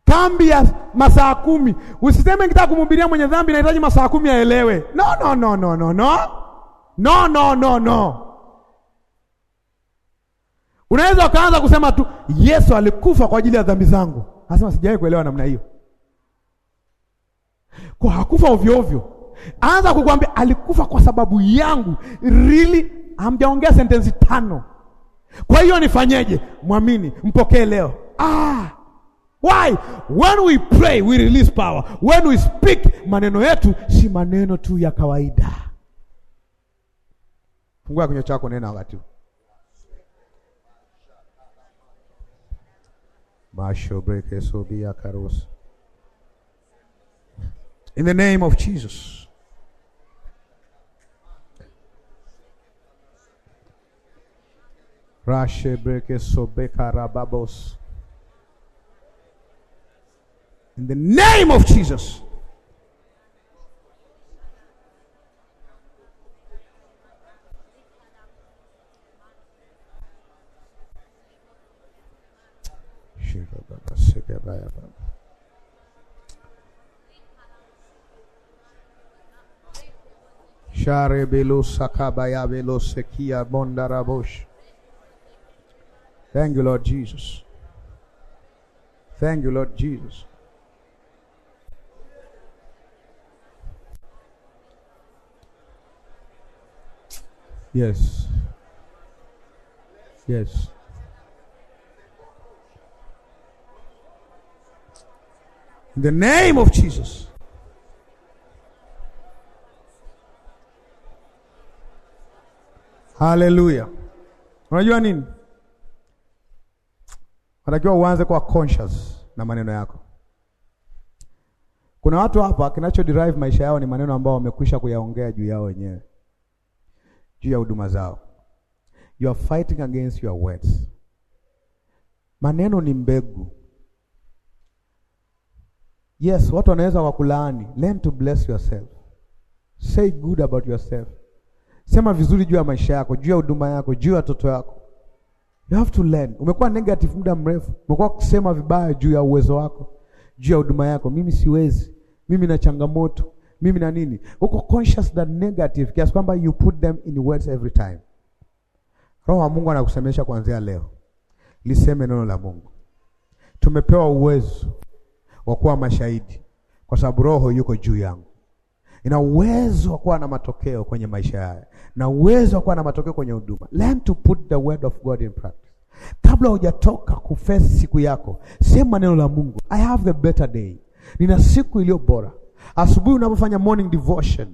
kambi ya masaa kumi. Usiseme nikitaka kumhubiria mwenye dhambi nahitaji masaa kumi aelewe. No, no, no, no, no, no. No, no, no, no. Unaweza ukaanza kusema tu Yesu alikufa kwa ajili ya dhambi zangu. Anasema sijawahi kuelewa namna hiyo. Kwa hakufa ovyo ovyo. Anza kukwambia alikufa kwa sababu yangu, really hamjaongea sentensi tano. Kwa hiyo nifanyeje? Mwamini, mpokee leo. Ah, why when we pray we release power, when we speak, maneno yetu si maneno tu ya kawaida. Fungua kinywa chako, nena wakati masho brekesobia karusi in the name of Jesus. In the name of Jesus. Share belo sakabaya belo sekia bondarabosh. Thank you, Lord Jesus. Thank you, Lord Jesus. Yes. Yes. In the name of Jesus. Hallelujah. Unajua nini? Unatakiwa uanze kwa conscious na maneno yako. Kuna watu hapa kinacho derive maisha yao ni maneno ambao wamekwisha kuyaongea juu yao wenyewe, juu ya huduma zao. You are fighting against your words. Maneno ni mbegu. Yes, watu wanaweza wakulaani. Learn to bless yourself. Say good about yourself. Sema vizuri juu ya maisha yako, juu ya huduma yako, juu ya watoto yako. You have to learn. Umekuwa negative muda mrefu, umekuwa kusema vibaya juu ya uwezo wako, juu ya huduma yako, mimi siwezi, mimi na changamoto, mimi na nini. Uko conscious that negative kiasi kwamba you put them in words every time. Roho wa Mungu anakusemesha kuanzia leo, liseme neno la Mungu. Tumepewa uwezo wa kuwa mashahidi, kwa sababu Roho yuko juu yangu. Ina uwezo wa kuwa na matokeo kwenye maisha yayo na uwezo wa kuwa na matokeo kwenye huduma. Learn to put the word of God in practice. Kabla hujatoka kufesi siku yako, sema neno la Mungu. I have the better day. Nina siku iliyo bora. Asubuhi unapofanya morning devotion,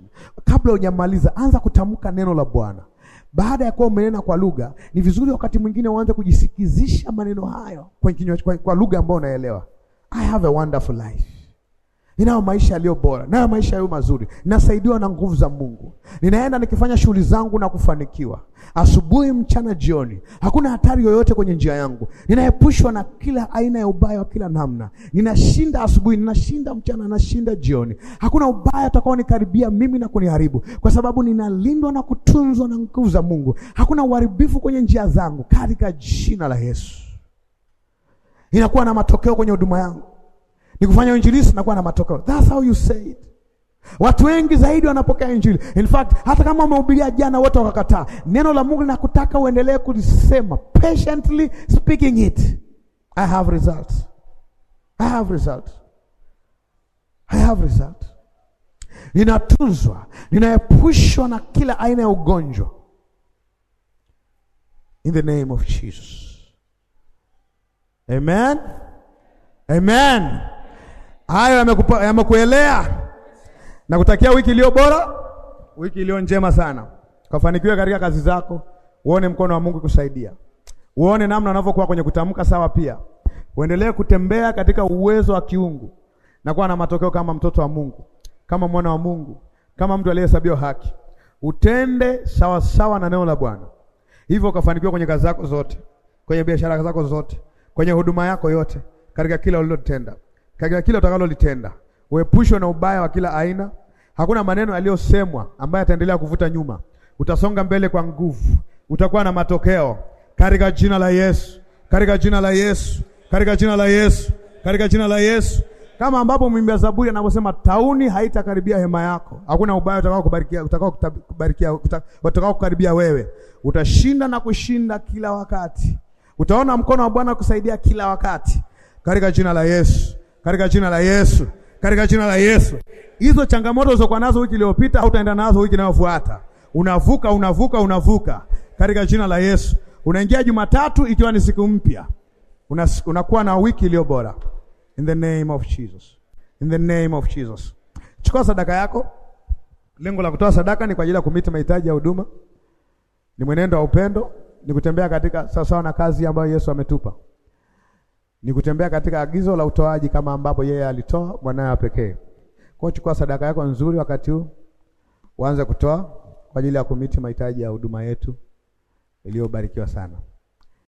kabla hujamaliza, anza kutamka neno la Bwana. Baada ya kuwa umenena kwa lugha, ni vizuri wakati mwingine uanze kujisikizisha maneno hayo kwa, kwa lugha ambayo unaelewa. I have a wonderful life. Ninayo maisha yaliyo bora, ninayo maisha yaliyo mazuri, ninasaidiwa na nguvu za Mungu, ninaenda nikifanya shughuli zangu na kufanikiwa, asubuhi, mchana, jioni. Hakuna hatari yoyote kwenye njia yangu, ninaepushwa na kila aina ya ubaya wa kila namna. Ninashinda asubuhi, ninashinda mchana, ninashinda jioni. Hakuna ubaya utakao nikaribia mimi na kuniharibu, kwa sababu ninalindwa na kutunzwa na nguvu za Mungu. Hakuna uharibifu kwenye njia zangu, katika jina la Yesu. Inakuwa na matokeo kwenye huduma yangu Nikufanya uinjilisti na kuwa na matokeo. That's how you say it. Watu wengi zaidi wanapokea injili. In fact, hata kama umehubiria jana wote wakakataa, neno la Mungu linakutaka uendelee kulisema, patiently speaking it. I have results. I have results. I have results. Ninatunzwa, ninaepushwa na kila aina ya ugonjwa. In the name of Jesus. Amen. Amen. Hayo yamekuelea na kutakia wiki iliyo bora, wiki iliyo njema sana. Kafanikiwe katika kazi zako, uone mkono wa Mungu kusaidia, uone namna unavyokuwa kwenye kutamka sawa. Pia uendelee kutembea katika uwezo wa kiungu na kuwa na matokeo kama mtoto wa Mungu, kama mwana wa Mungu, kama mtu aliyehesabiwa haki. Utende sawa sawa na neno la Bwana, hivyo ukafanikiwa kwenye kazi zako zote, kwenye biashara zako zote, kwenye huduma yako yote, katika kila ulilotenda katika kila utakalolitenda. Uepushwe na ubaya wa kila aina. Hakuna maneno yaliyosemwa ambayo yataendelea kuvuta nyuma. Utasonga mbele kwa nguvu, utakuwa na matokeo katika jina la Yesu, katika jina la Yesu, katika jina la Yesu, katika jina la Yesu. Kama ambapo wa Zaburi anaposema tauni haitakaribia hema yako, hakuna ubaya utakao kubarikia, utakao kubarikia, utakao kukaribia wewe. Utashinda na kushinda kila wakati, utaona mkono wa Bwana kusaidia kila wakati, katika jina la Yesu katika jina la Yesu, katika jina la Yesu. Hizo changamoto zilizokuwa nazo wiki iliyopita hautaenda nazo wiki inayofuata. Unavuka, unavuka, unavuka katika jina la Yesu. Unaingia Jumatatu ikiwa ni siku mpya, unakuwa una na wiki iliyo bora. In the name of Jesus, in the name of Jesus. Chukua sadaka yako. Lengo la kutoa sadaka ni kwa ajili ya kumiti mahitaji ya huduma, ni mwenendo wa upendo, ni kutembea katika sawasawa na kazi ambayo Yesu ametupa ni kutembea katika agizo la utoaji kama ambapo yeye alitoa mwanawe pekee. Kwa chukua sadaka yako nzuri wakati huu, uanze kutoa kwa ajili ya kumiti mahitaji ya huduma yetu iliyobarikiwa sana.